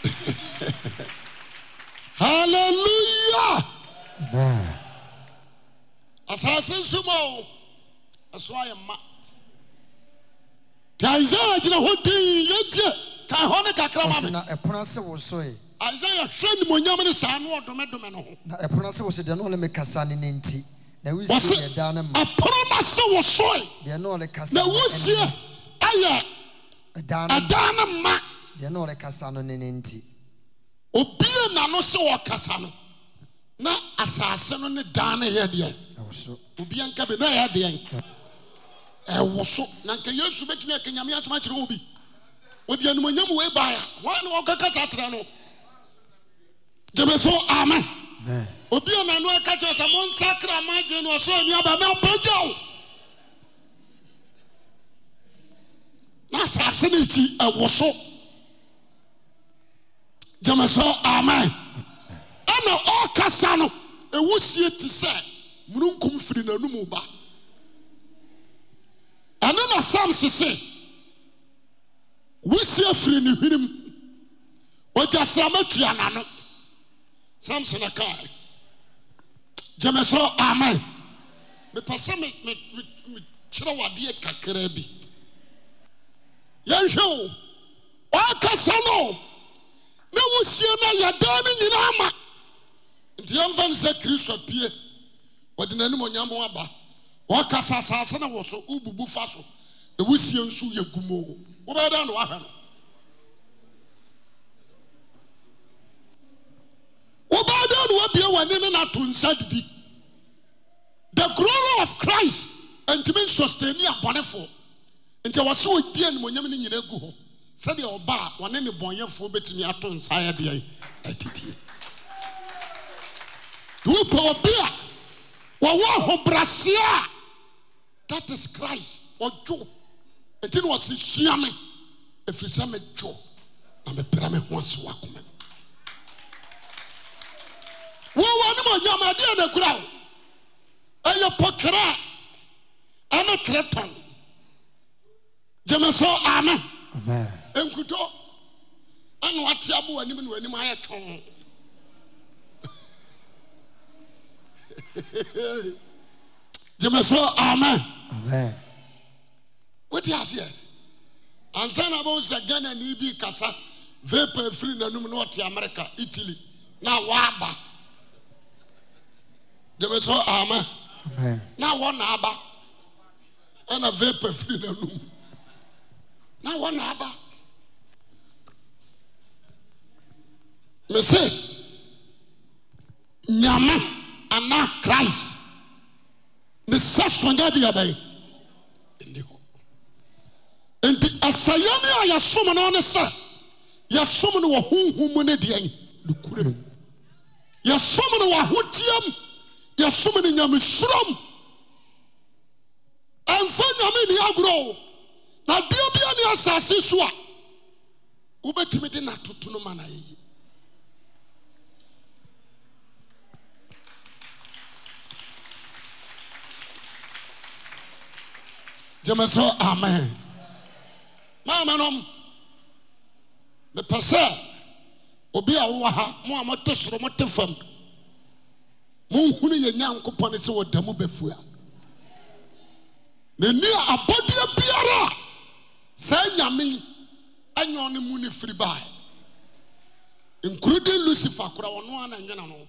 [LAUGHS] haleluya asase nsoma o ɛso ayɛ ma tasaagyina hɔde yɛdie kan hɔ ne kakrama me ɛpona se wo soe isaia hwɛ nimonyam no saa no ɔdomedome no ho na ɛpono sɛ wɔhyɛ deɛ ne ɔne mekasa ne ne nti na na no ma deɛ ne na asase no ne daa no nka bi na ɛyɛ deɛ so na nka yesu bɛtumi akanyame asoma kyerɛ wo bi ɔde animonyam wei baeɛ hwan gyemɛsɛ amen obianano a ɛka kyeɛ sɛ monsa kramadee no ɔsooaniabaana pɛ gya wo na saase ne ɛti wo so gyameso amen ɛna ɔkasa no ɛwosie ti sɛ mununkum firi n'anom ba ana na sam sese wosie firi ne hwenim ɔgya sramatwu anano samso aka gyemɛ sɛ amen mepɛ sɛ emekyerɛ w'adeɛ kakraa bi yɛhwɛ wo ɔakasa no ne wosie n a yɛdaa mi nyinaa ma nti yɛmfa no sɛ kristo pie wɔde n'anim ɔnyam aba ɔakasa saa sɛ ne wɔ so wobubu fa so dɛ wo sie nso yɛ gumo o wobɛyɛ da ne woahwɛ no wobaa dɛ ne wabie w'ani ne nato nsa didi the glory of christ ntumi nsɔstani abɔnefoɔ nti wɔ sɛ ɔdi animonyam no nyinaa gu hɔ sɛdeɛ ɔba a wɔne ne bɔnyɛfoɔ bɛtumi ato nsa yɛdeɛ adidie wopɛ obi a wɔwɔ ahobraseɛ that is christ Joe? ɛnti ne wɔse hyia me ɛfiri na me ho ase wakoma wɔwɔ nem ɔnyamaadeanakurao ɛyɛpokrɛ ɛne kriptan gemeso ame nkutɔ ane watea bo anim ne anim ayɛ twɔ [LAUGHS] gyemɛso ame wetiaseɛ ansa na bɛosɛ gana nibi kasa vepɛ fri nanum ne ɔte amerika italy na waaba ya mɛsɛ ama na wɔ naaba ana vepafiri noanom na wɔ naaba me sɛ nyama anaa christ ne sɛ sɔnya diabɛyɛ ne h enti asayɛne a yɛsom no ne sɛ yɛsom no wɔhonhomu no deɛn no kurɛm yɛsom no wɔahotiam yɛsom ne nyame surom ɛmfa nyame neaagorɔo na duoobia nne asase so a wobɛtumi de natoto no ma na yɛyi gyemeso ame maamɛnom mepɛ sɛ obi a wowɔ ha mo a mote soro mote fam monhune yɛnyankopɔne sɛ wɔda mɔ bɛfu a nenia abadua biara a saa nyame wɔ ne mu ne firi baɛ inkrudin lucife kora ɔno a nawena no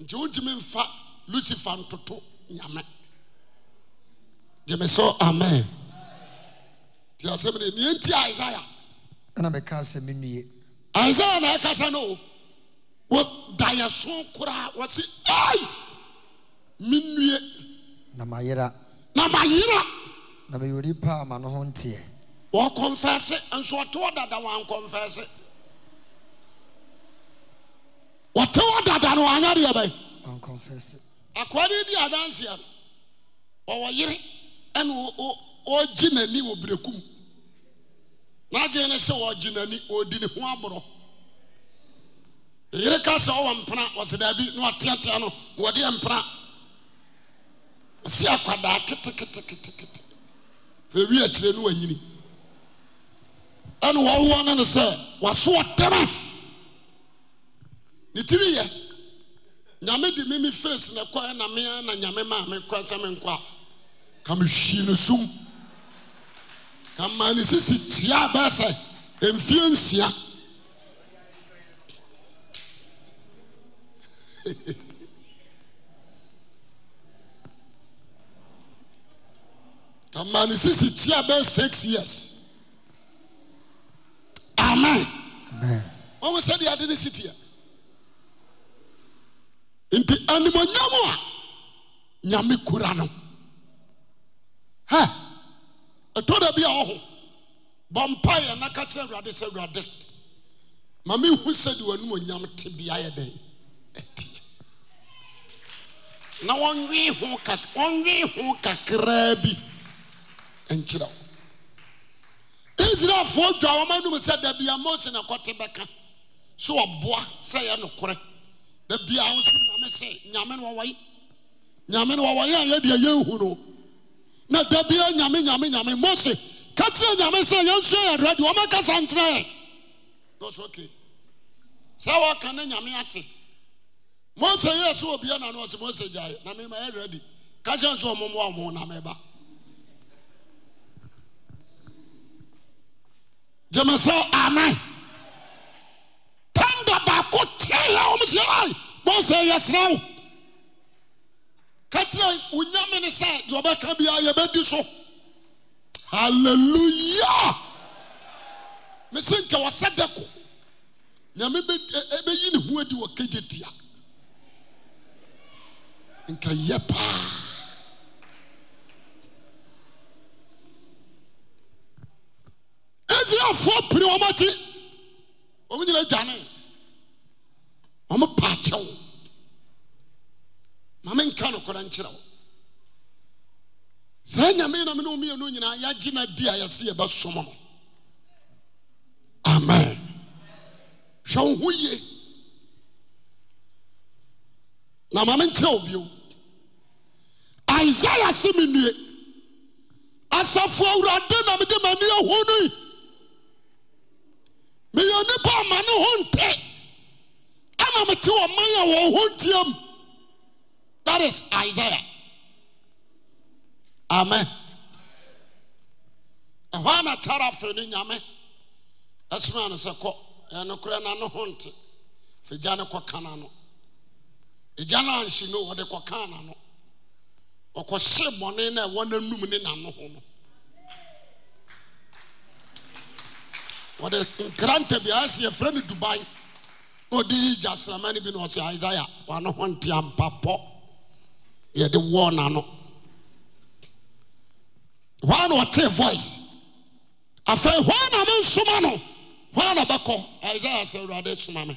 nti wogyemi mfa lucife ntoto nyame gye me so amen tiɛwɔsɛmi neɛneɛnti isaia ɛna mɛkaa sɛ mennue isaia na ɛka sa ne o woda yɛ so koraa wɔse ai mennue na yira. na yira. na meyɛ onipa a ma no ho nteɛ wɔkɔmfɛɛse nso ɔte wɔ dada wɔankɔmfɛɛse wɔte wɔ dada no wɔanyɛ deɛ bɛn ankɔmfɛɛse akoa ne di adanseɛ no wɔwɔ yere ɛne ɔgye n'ani wɔ berɛkum n'adwene ne sɛ wɔgye n'ani ɔdi ne ho aborɔ yere ka sɛ ɔwɔ mpena wɔsɛ daabi na wɔteatea no wɔdeɛ mpena ɔsi akwadaa keteketekete fɛwi akyirɛ no wanyini ɛne wɔwoɔ ne no sɛ wɔaso tena ne tiri yɛ nyame de meme fase ne kɔɛ na mea na nyame maa mekɔ sɛ menkɔ a ka no som ka maa ne sisi kyia bɛɛ sɛ mfie nsia [LAUGHS] amane sisitea bɛ six years amen mamɛ sɛde ade ne si tea nti animonyam a nyame kora no ɔtɔ da bia hɔ ho bɔ mpae ana ka kyerɛ awurade sɛ awurade ma mehu sɛde w'animonyam te beaeɛ dɛn ati na wɔnwe ho wɔnwe ho kakraa bi nkyerɛ wo israelfoɔ dwa wɔma nom sɛ dabia mose na kɔte bɛka sɛ ɔboa sɛ yɛ nokorɛ dabi wo so nyame se nyame no wɔwɔyi nyame no wɔwɔyi a yɛdeɛ yɛnhu no na dabia a nyame nyame nyame mose ka kyerɛ nyame sɛ yɛnsua yɛ rɛdi wɔn akasa nkyerɛ na sɛ wɔka ne nyame ate. s yɛsɛ ɔ anans os gaɛ na mmayɛyerɛdi kakyeɛsɛɔyɛɛaaabaako tiɛyɛ wo mehɛa mosyɛ serɛ wo ka kyerɛ ɔnyame ne sɛ deɛ ɔbɛka biaa yɛbɛdi so aamesenkɛ ɔsɛ dɛ ko neamebɛyi e, e, ne ho adi wɔkɛgye tia nkayɛ aa israelfoɔ pii ɔmaati ɔmo nyina adwane ɔme paakyɛ wo mamenka no kode nkyerɛ wo saa nyame name ne ɔmeyɛno nyinaa yɛagye na di a yɛse yɛbɛsom no amen hwɛ wo ho ye na ma menkyerɛ wo bio isaia se mennue asafo awurade na mede m'ani ahu no yi meyɛ nnipa ama ne ho nte ana mete ɔman a wɔn ho ntiam that is Isaiah. amen ɛhɔ na kyara afei no nyame ɛsomaa no sɛ kɔ ɛnokorɛ na ne ho nte fagya ne kɔkana no agya no anhye no wɔde kɔkaa n'ano ɔkɔhye bɔne no ɛwɔ n'anum ne n'ano ho no wɔde nkra ntabea ɛsɛ yɛfrɛ no duban na ɔde yi gya srama no bi na ɔsɛ isaia wɔano ho nte ampapɔ yɛde wɔɔ n'ano hwaa na ɔtee voice afei hwaa na mensoma no hwaa na bɛkɔ isaia dị awurade soma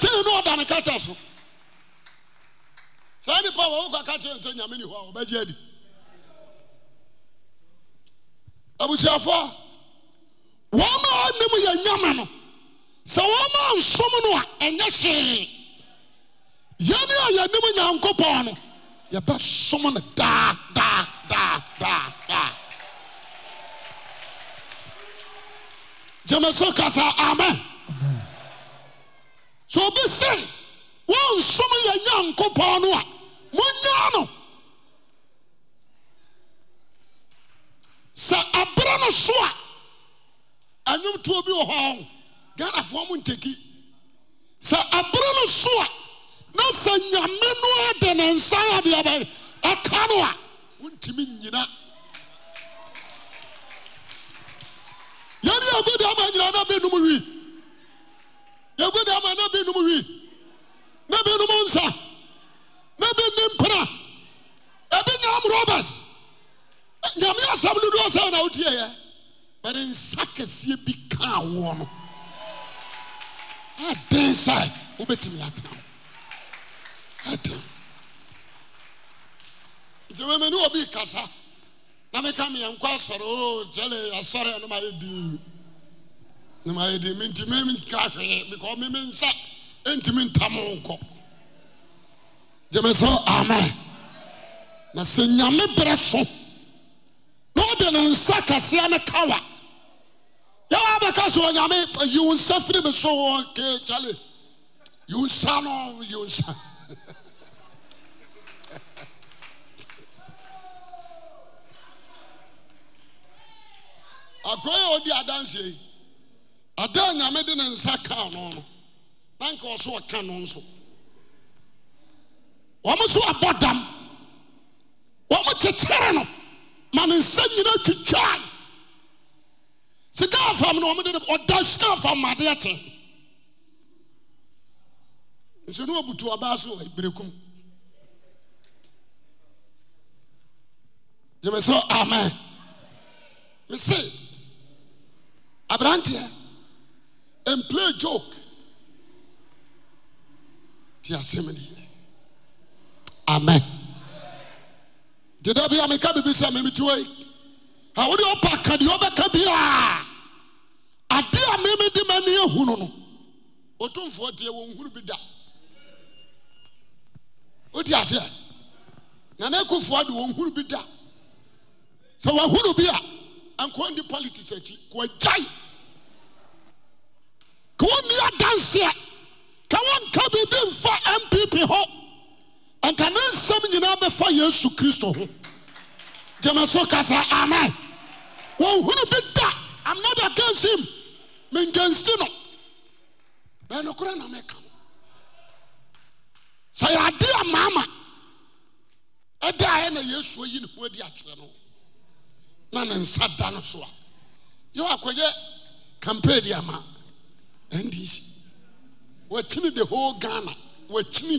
kyni ne ɔdane katɛ so sɛa nipa a wɔɛkaka kyee sɛ nyameni hɔ a ɔbɛy adi abusuafoɔ wɔmaanim yɛanyame no sɛ wɔmaansom no a ɛnyɛ hyee yɛne a yɛnim nyankopɔn no yɛbɛsom no daa daaaa gyamɛ so kasa amɛ sɛ obi sɛ wonsom yɛ nyankopɔn no a monya no sɛ aberɛ no so a anwomtoɔ bi ɔ hɔ ganafoɔ mo ntɛki sɛ aberɛ no so a ne sɛ nyame no ɔde ne nsa ɛdeɛ bɛ ɔka no a wontimi nyina yɛne yɛɔdo deɛ ɔmaa nyina na abɛnom wi ɛgu ama na binom wi na binom nsa na bi nni mpena ɛbi nyam robes nyame asɛm no doɔ sɛ na wotieyɛ but nsa kɛseɛ bi kaa woɔ no aden nsa wobɛtumi atena ho aden nti mamani wɔ kasa na meka meɛnkɔ asọrọ o asọrọ na mayɛ de mentimi menka hwee because mimi me nsa ɛntimi ntam wo nkɔ gyeme amen na sɛ nyame berɛ so na ɔde ne nsa kaseɛ no kawa yɛwɔ abɛka sɛ ɔnyame yiwo nsa firi me so wɔ ke kyale yiwo nsa no yiwo nsa akɔyɛ ɔdi adanseɛ yi ada a nyamede ne nsa kaw no no nanka ɔso ɔka no nso wɔmoso abɔ dam wɔmokyekyere no ma ne nsɛ nyina twitwae sikafam no ɔmde d ɔda skaafam maadeɛtye nsyɛ ne but abaa so brɛk emesɛ ame mese abranteɛ mpla joke dease mniyɛ amen de da bi a meka bibisɛ memeteɔyi a wode ɔpɛ aka deɛ ɔbɛka biaa ade amemede mani ahu nu no ɔtomfoɔ deɛ wɔnhuro bi da wodiaseɛ na ne akufoɔ ade wɔnhuro bi da sɛ wahurow bi a ankade politise akyi kagyae ka wɔmmi adanseɛ ka wɔnka biribi mfa mpp hɔ ɛnka ne nsɛm nyinaa bɛfa yesu kristo ho gyama so ka sɛ amen wɔnhunu bi da i'm not against him mengansi no bɛnokorɛ na mɛka no sɛ yɛade a maama ɛda a ɛna yesu ayi ne ho adi akyerɛ no na ne nsa da no so a yɛwɔ akɔyɛ campaign di ama ndis wakyini tde hole ghana wakyini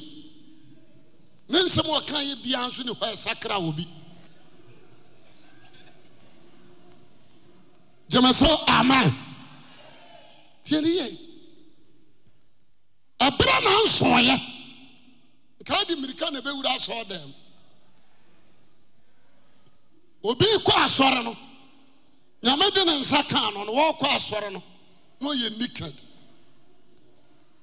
ne nsɛm ɔka yɛ biaa nso ne hɔ ɛsakra a wɔbi gyamɛ sɛ amaa ntianiyei ɛberɛ na nsɔɔeɛ nkaa de mmirika na ɛbɛwura asɔre dam obi kɔ asɔre no nyame de ne nsa ka no no wɔrɔkɔ asɔre no na ɔyɛ nnika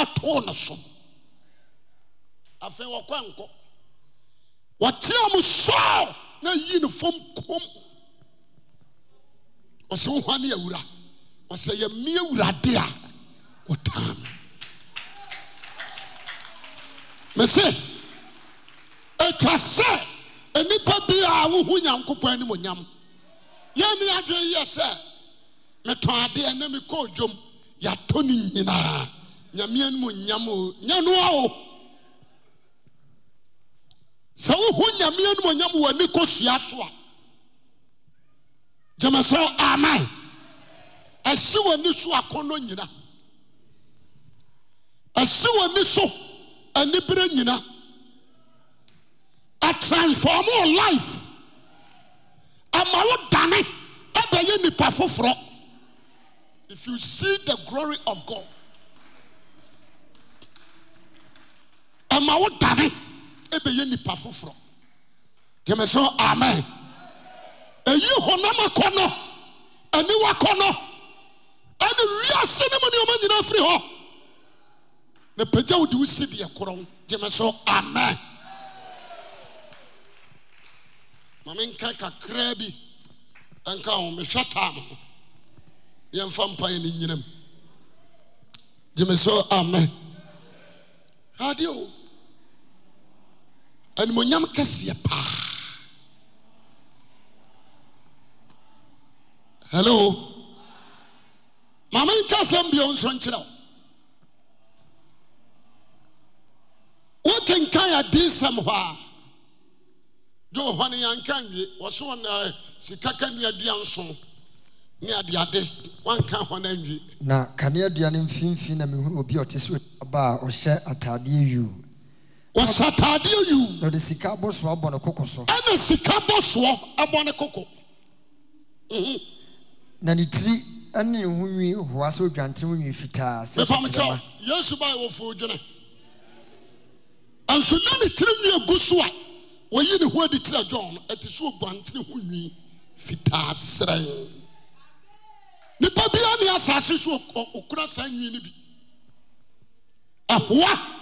atoo no so afei wɔkɔ nkɔ wɔteɛ m soo na yi no fam kom ɔsɛ wohwa ne awura ɔsɛ yɛmme awurade a wɔtaa me me se atwa sɛ nnipa bi a wohu nyankopɔn animonyam yɛnni adwene yɛ sɛ metɔn adeɛ na mekɔɔ dwom yɛatɔ no nyinaa nyame anom nyam o nyanoa o sɛ wohu nyame anom nyam w'ani kɔsua so a gyama sɛ aman ɛhye w'ani so akɔnnɔ nyina ɛhye w'ani so aniberɛ nyina atransform wo life ama wo dane ɛbɛyɛ nnipa foforɔ if you see the glory of god ɔma wodane bɛyɛ nnipa foforɔ gyeme sɛ amen ɛyi hɔnamakɔ nɔ aniwa kɔ nɔ ɛne wiease no mu ne ɔma nyinaa afiri hɔ ne pagya wo de wo si deɛ korɔn gyeme so amen ma menka kakraa bi ɔnka womehwɛ taa me no yɛmfa mpa yɛ no nyinam gyeme sɛ amen hadeɛ o anionyam kɛsiɛ paa lo mamenka sɛm bio nso nkyerɛ wo woke nkan adin sɛm hɔ a dɛ wɔ hɔ ne yanka nwie wɔsoɔne eh, sika kaneadua nso ne ade ade woanka hɔne awe na kaneadua no mfiimfi na mehuru ɔbi a ɔte sɛ ɔdiaba a ɔhyɛ ataadeɛ wi nka ɔneieɛɛyesuba wɔfu dwne nsonene tiri nnwi agu so a ɔyii ne hɔ adi tiri adwonno ɛti sɛ ɔguantee ho wi fitaa serɛ nipa bia ne asase so ɔkora saa nwino bi hoa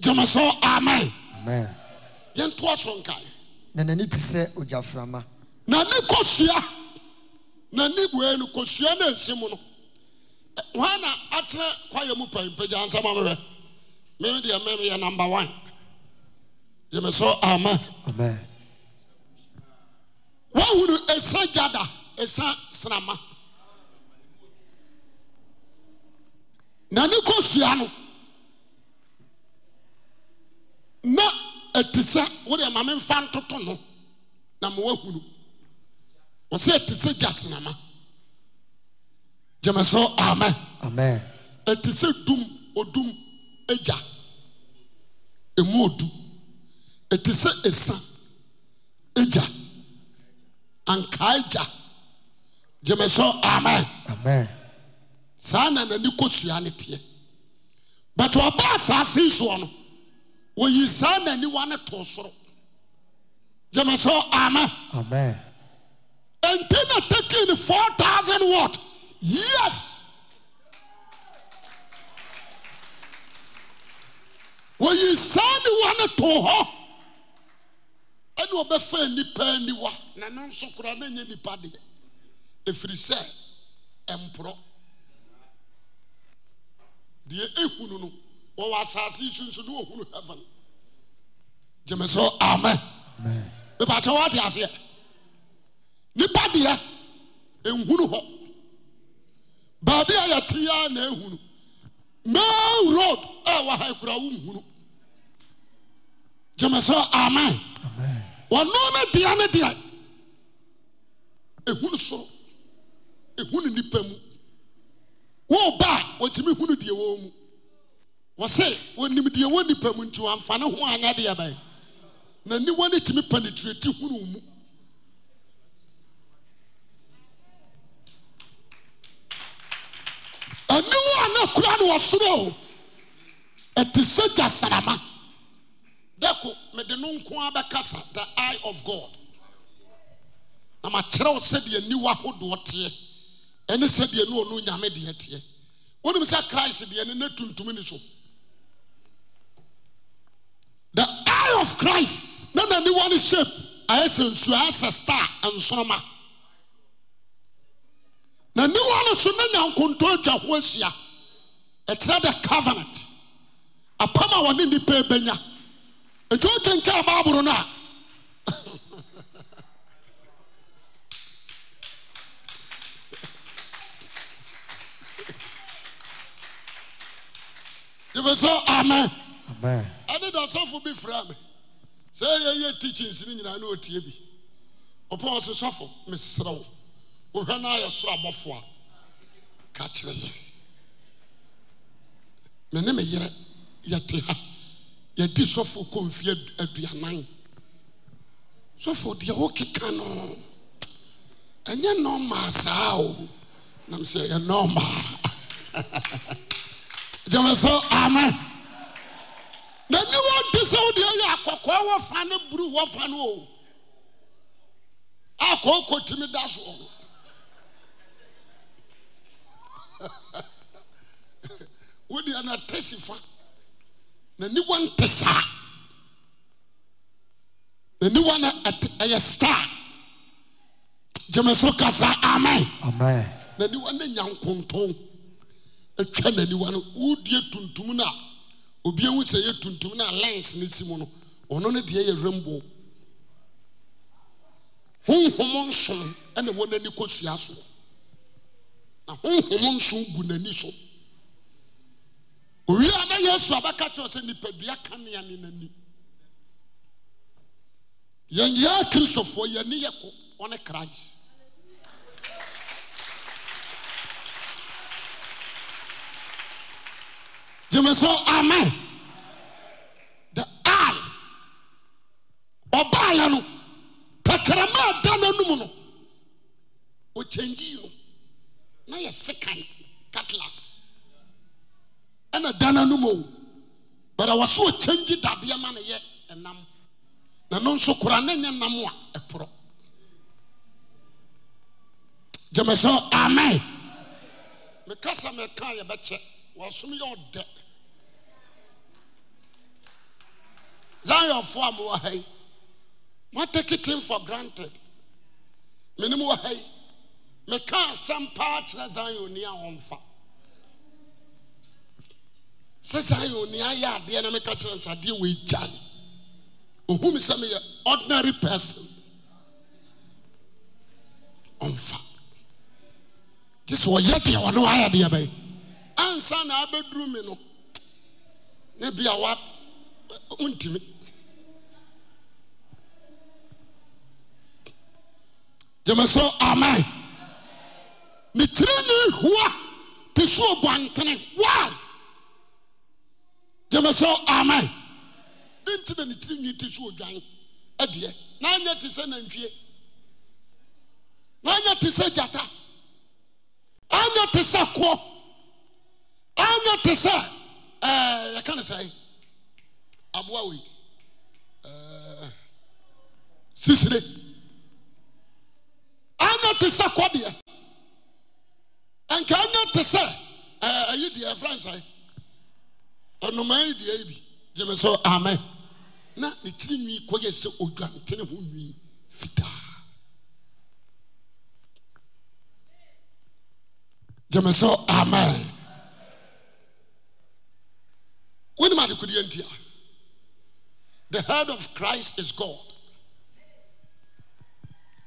gyama amen amen yɛntoa so nkae na n'ani te sɛ ogyaframa n'ani kɔsua n'ani enu no kɔsua na ansi mu no eh, wɔn na atena kwaya mu pɛmpɛgya nsɛm amehwɛ Mmiri deɛ meme yɛ number one yɛmɛ so amen woahunu ɛsa gyada ɛsa sinama. n'ani kɔsua no na ati sɛ wodeɛ mamemfa ntoto no na mawahunu ɔ sɛ ati sɛ gya snama gyemɛsɛ amen a ɛti sɛ dum ɔdum agya ɔmuɔdu ɛti sɛ asa agya ankaa agya gyemɛsɛ aman saa nanani kɔsua ne teɛ but ɔbaa saa se nsoɔ no wɔyi saa n'aniwa ne to soro gyama sɛ ama ɛnti na taking 4000 wat Yes. wɔyi saa niwa ne to hɔ ɛne ɔbɛfa nnipa aniwa na ne nso koraa na ɛnyɛ nnipa deɛ ɛfiri sɛ ɛmporɔ deɛ ɛhunu no wɔwɔ asase yi so nso ne wɔhunu heaven gyeme so amen mepakyɛ wɔte aseɛ nipa deɛ ehunu hɔ baabi a yɛte a na ehunu main road a ɛwɔ ha kura wo nhunu gyeme so amen wɔno ne deɛ ne deɛ ehunu soro ehunu nipa mu wɔn ba a wɔtumi hunu deɛ wɔn mu. wɔ sɛ nimdeɛ wɔnnipamu ntiw amfane ho anyɛ deɛbaɛ na niwa no tumi panetirɛti hunu mu aniwa a na kora ne ɔsoroo ɛte sɛ gya sarama dɛ ko mede no nko a bɛkasa the ye of god na makyerɛ w sɛbiɛ nniwa hodoɔ teɛ ne sɛbiɛ ne ɔno nyamedeɛ teɛ wonim sɛ christ diɛ ne natuntum ne so of Christ then anyone is ne shape ayɛ sɛ nsuo a star and n'ani Na ne so ne nyankontɔ atwa ho ahyia ɛkyerɛ the covenant apam a wɔne nipa ebenya etu o kenka baaburo no a [LAUGHS] yɛ amen. amen. ɛneda sɔfo bi fraa me sɛ yɛyɛ tikhinsi no nyinaa ne ɔtie bi ɔpɛ ɔ so sɔfo mesrɛ wo wohwɛ naayɛsoro abɔfo a ka kyerɛ yɛ mene meyerɛ yɛte ha yɛdi sɔfo kɔmfi aduanan sɔfo deɛ wokeka no ɔnyɛ nnɔmaa saa o nam sɛyɛ nnɔmaa gy sɛ [LAUGHS] ama nani wade sɛ wodeɛ ɔyɛ akɔkɔɔ wɔ fa ne bruu wɔ fa ne ɔo a kɔɔkɔtimi da soɔ ho wode ana tarsi fa nani wante saa nani wa ne ɛyɛ staa gyeme so ka saa amen naniwa ne nyankonton atwa n'niwa no woduɛ tontum no a obia ho sɛ yɛ tontum no alins ne si mu no ɔno no deɛ yɛ rainbow honhom nson ne wɔ n'ani kɔsua soɔ na honhom nsom gu n'ani so owiea na yɛsu a bɛka kyeɛw sɛ nipadua kaneane n'ani yɛnyaa kristofoɔ yɛani yɛkɔ ɔne khrist gyeme sɛ amen he i ɔbaalɛ no kakramaa da no nom no ɔkyangyii no na yɛ seka kartlas ɛna da no nom o bɛrɛ wɔ sɛ ɔkyangyi dadeɛma no yɛ nam nano nso kora ne nyɛ nam a ɛporɔ gyeme sɛ amen mekasa meka yɛbɛkyɛ wɔsom yɛ ɔdɛ zayɔfoɔ a mowɔ ha yi moatake tim for granted menim wɔ ha yi meka asɛm paa kyerɛ zayɔni a wɔmfa sɛ zayɔni ayɛ adeɛ na meka kyerɛ nsɛ adeɛ wɔagyae ɔhu me sɛ ordinary person Onfa. This was yeti deɛ ɔne wayɛ deɛ bɛyɛ ansa na abɛduru mi no ne bia wa ntumi gyeme so amen ne tiri ne hua te so ɔbɔntene why gyeme so amen de nti na ne tiri nwi te so ɔdwan adeɛ n'anya te sɛ nantwie n'anya te sɛ gyata anya te sɛ koɔ. anyɛ te sɛ eh, yɛka ne sɛe aboa ei eh, sisire ayɛ te sɛ kɔdeɛ ɛnka ayɛ te sɛ eh, ayi deɛ franse e ɔnoma yɛ deɛ yi bi gyeme sɛ ama na netine nnwii kɔyɛ sɛ ɔdwa ntene ho nwii fitaa gyemɛ sɛ ama wonim adekodeɛ ntia the head of christ is god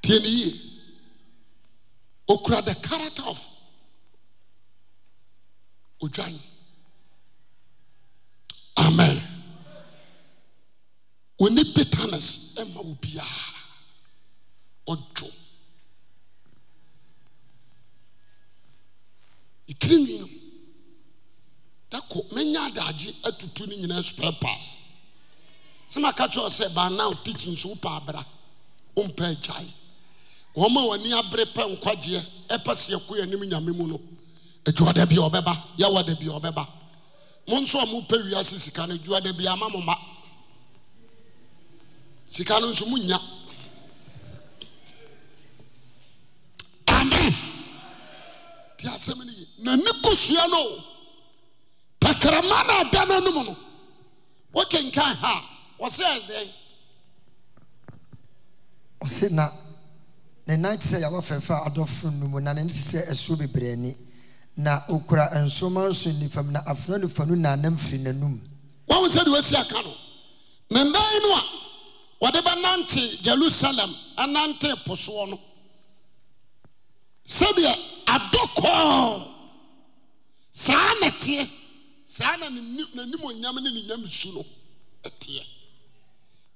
tie ne the character of Ujani. amen ɔni bitterness ma wo biara ɔdwo mɛnya adagye atutu no nyinaa asupir pars sɛmaaka tyɛo sɛ baanao teachin so wopaabra wompɛ agyae wɔma ani abere pɛ nkagyeɛ ɛpɛ siɛko anim nyame mu no aduada bia ɔbɛba yɛwɔ da bia ɔbɛba mo nso mopɛ wiase sika no adwuada biaama moma sika no somonya tiasɛmn nani kosua noo krama no ada no anom no wokenkan ha wɔsɛ ɛdɛn ɔse na ne nan te sɛ yɛawa fɛfɛ a adɔfo no mu na ne ne te sɛ ɛsuo bebree ani na ɔkura nsoroma nso nifam na afena nifa no naanam firi n'anum wɔwo sɛ de wasi aka no ne nan no a wɔde bɛnante jerusalem anante po soɔ no sɛdeɛ adɔkɔɔ saa nɛteɛ saa na nanim ɔnyam ne ninam su no ɛteɛ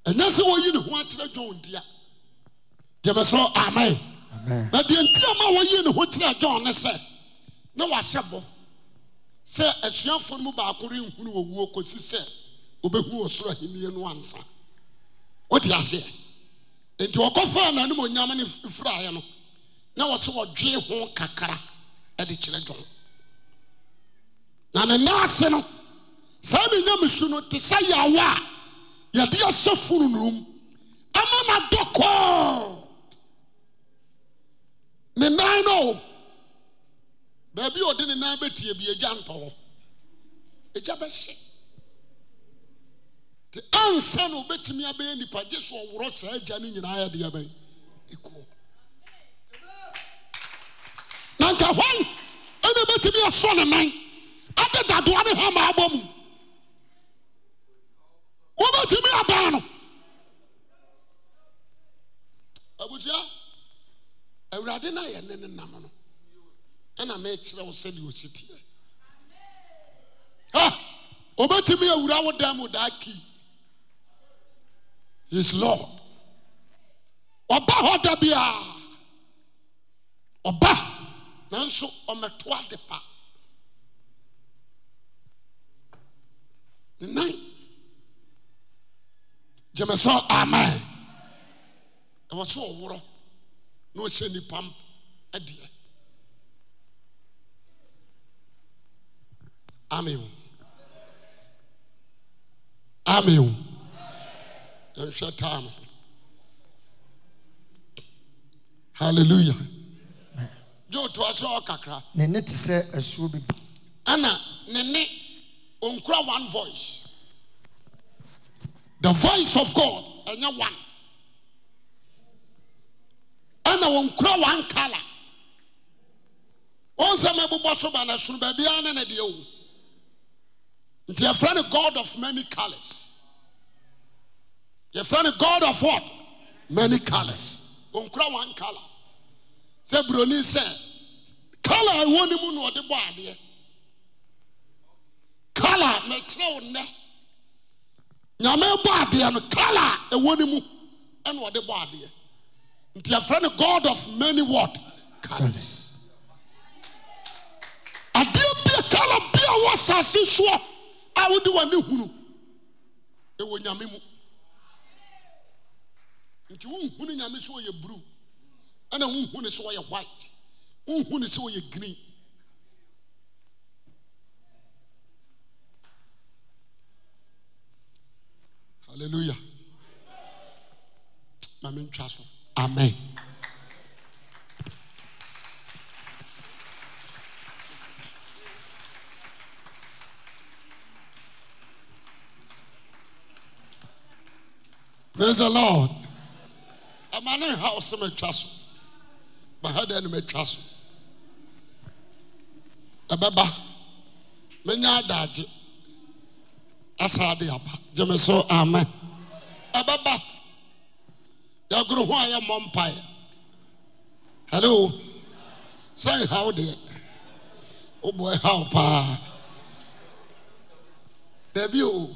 ɛnyɛ sɛ wɔyii ne ho akyerɛ dwon ndia gyamɛ sɛ amen na deɛndia ma wɔyii ne hɔ kyire a dwon ne sɛ ne wahɛ bɔ sɛ asuafoɔ no mu baakore nhu no wɔwuo kɔsi sɛ ɔbɛhu ɔ soro ahenni no ansa wode aheɛ nti ɔkɔfaa nanim yam ne firaeɛ no na wɔ sɛ wɔdwee ho kakra de kyerɛ dwɔn na ne naa ase no saa minyamesu no te sɛ yɛwa a yɛde ɛ sɛ funu nom ama nadɔkɔɔ ne nan na o baabi aɔde ne nan bɛtiabi agya mka hɔ agya bɛhɛ ti ansa no ɔbɛtumi abɛyɛ nipa gye so ɔworɔ saa agya ne nyinaa yɛdeɛ bɛn ko nanka hwan ɛna bɛtumi ɔsɔ ne nan ade dadoa ne hama abɔ mu wobɛtumi abaa no abusua awurade no ayɛ ne ne nam no ɛna mekyerɛ wo sɛdeɛ ɔsiteɛ obɛtumi awura wo dan mu daa ki is lord ɔba hɔ da biaa ɔba nanso ɔmɛtoa de pa nenan gyamɛsɛ amae ɔwɔ sɛ ɔworɔ ne ɔhyɛ nnipam adeɛ ame ame yhwɛ taam halleluya dɛɔtoa so ɔkakra ne ne te sɛ asoro e bɛdi ana nenne Uncry one voice the voice of god ɛnyɛ one ɛna onkura one color wɔn nsɛm ɛbobɔ so ba na sunu baabi a ne na deɛ wo nti yɛfrɛ god of many colors yɛfrɛ no god of what many colors onkura one color sɛ buroni sɛ color i ɛwɔ ne mu na ɔde bɔ adeɛ. kala mɛkyerɛ wo nnɛ nyame bɔ adeɛ no kala a ɛwɔ ne mu ɛna ɔde bɔ adeɛ nti yɛfrɛ no god of many word colors adeɛ bia kala bia wɔ asase soɔ a wode w'ane hunu ɛwɔ nyame mu nti wonhunu nyame sɛ ɔyɛ blue ɛna wonhunu sɛ ɔyɛ white wonhunu sɛ ɔyɛ green Hallelujah. Amen. Amen. Praise the Lord. I'm an house in my castle. My head in my castle. A baba. Many are asaa de aba gyeme so ama ɛbɛba yɛgoro ho a yɛmmɔ mpaeɛ hello sɛ nhaw deɛ wobɔ ɛhaw paa baabi o [LAUGHS]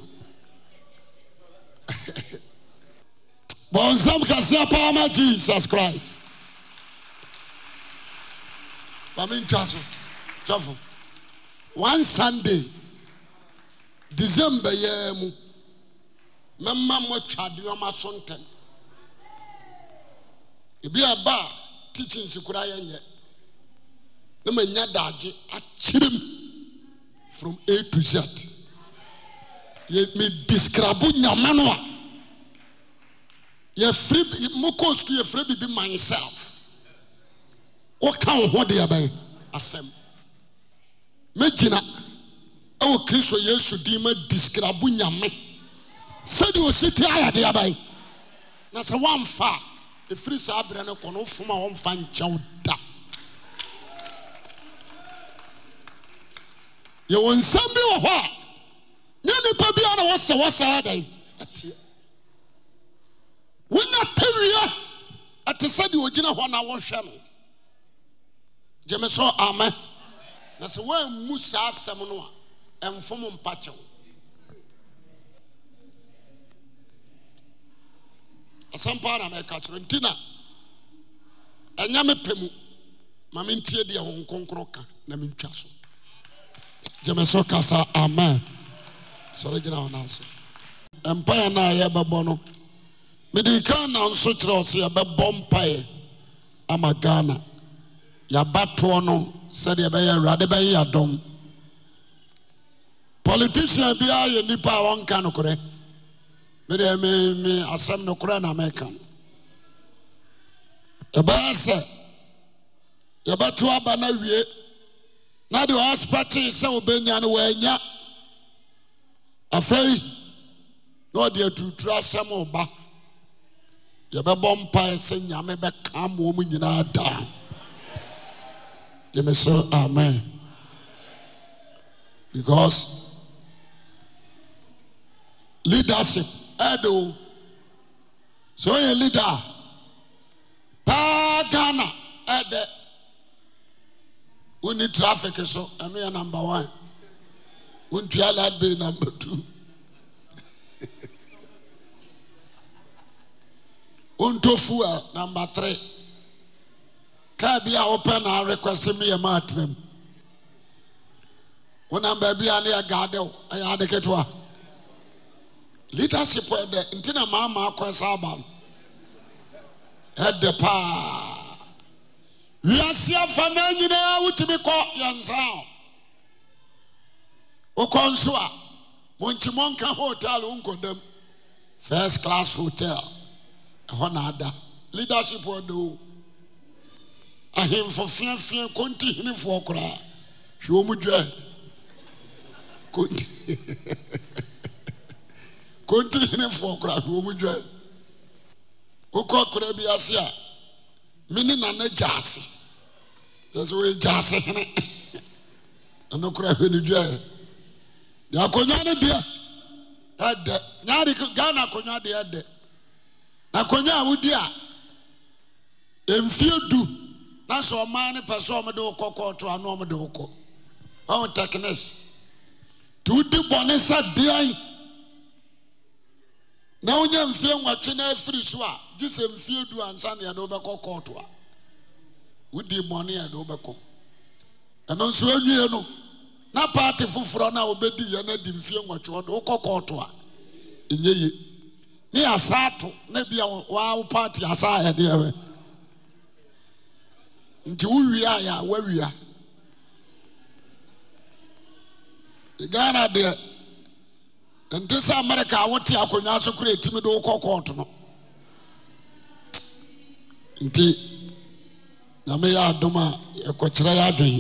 bɔnsɛm kaseɛ paa ma jesus christ ma mentwa so twɛfo one sunday decembeyɛa mu mɛma mɔtwadeɔm asontɛn ebiaba a teachinsi kora yɛnyɛ ne manya dagye akyerɛ m from 8i 2o sɛ yɛmidiskrabo nyama no a yɛfr mokɔɔ sukuu yɛfiri bibi myself woka wo hodeyɛbɛɛ asɛm mɛgyina ɛwɔ kristo yesu in ma di skraab nyame sɛdeɛ ɔsite ayɛdeabae na sɛ woamfa a ɛfiri saa berɛ no kɔ no wofom a womfa nkyɛw da yɛw nsm bi wɔ hɔ a nyɛ nnipa biana wɔsɛ wsɛɛdan wonya ta wia ɛte sɛdeɛ ɔgyina hɔ na wɔhwɛ no gyeme sɛ amɛ na sɛ woamu saa asɛm no a mfom mpakɛwo ɛsɛmpaa na mɛka kyerɛ nti na ɛnyɛ mepɛ mu ma mentie deɛ hɔ kɔnkrɔ ka na mentwa so gyeme so kasa ama sɔre gyina hɔnoasɛ mpaeɛ na a yɛbɛbɔ no mede ka na nso kyerɛ wɔ sɛ yɛbɛbɔ mpaeɛ ama ghana yɛba toɔ no sɛdeɛ ɛbɛyɛ awurade bɛɛyɛdɔm politician ahụ yɛ nnipa a wɔnka nokorɛ medeɛ meme asɛm nokorɛ na meka no ɛbɛyɛ sɛ yɛbɛto aba no awie na deɛ ɔaspɛkyee sɛ wɔbɛnya no wɔanya afei na ɔde aturuturu asɛm ɔba yɛbɛbɔ mpaeɛ sɛ nyame bɛka mmoɔ mu nyinaa daa yɛmɛ amen because leadership Edo. Oh. So sɛ ɔyɛ leader a paa ghana ɛdɛ eh. wonni traffic eh, so ɛno yɛ number one wontua light bill number two [LAUGHS] wontɔ fuel eh, number three kaa bi a wopɛ na request me yɛ maatenam wonam baabi a ne yɛ gaadɛw ɛyɛ adeketewa leadership ɛdɛ eh, nti na maa maa kɔ ɛsɛ aba no ɛdɛ paa wiase afa na nyinaa wotumi kɔ yɛn nsa o wokɔ nso a mɔnkyi mɔnka hotel nkɔdam first class hotel ɛhɔ na ada leadership ɛdɛ o ahemfo fiafia konti hinifoɔ koraa hwɛ wɔn mu dwa konti. [LAUGHS] konti henefoɔ koraa hwɛ ɔm dwa wokɔ koraa bi ase a mene nana gya ase yɛ sɛ woyɛ gya ase hene ɛno [LAUGHS] koraa hwɛ ne dwa deɛ akonnwa no deɛ ɛdɛ ghana akonnwa deɛ ɛdɛ na akonnwa a wodi a mfie du na sɛ ɔman no pɛ sɛ ɔmde wo kɔ kɔɔto a na ɔmde wo kɔ ɔho technics na wonya mfeɛ nwɔtwe no afiri so a gye sɛ mfeɛ du ansa neɛ de wobɛkɔ kɔɔto a wodi mmɔne a wobɛkɔ ɛno nso anwie no na paate foforɔ no a wobɛdi yɛ no adi mfeɛ nwɔtwe ɔde wokɔ kɔɔto a ɛnyɛ ye ne yɛasa ato na bia waa wo paate asa ayɛdeɛ bɛ nti wowie a yɛ a woawia ghana deɛ ente sɛ amareka wote akonia sokoro ɛtimi do wo kɔkɔɔtono nti yame ya doma ɛkɔkyera yaadzue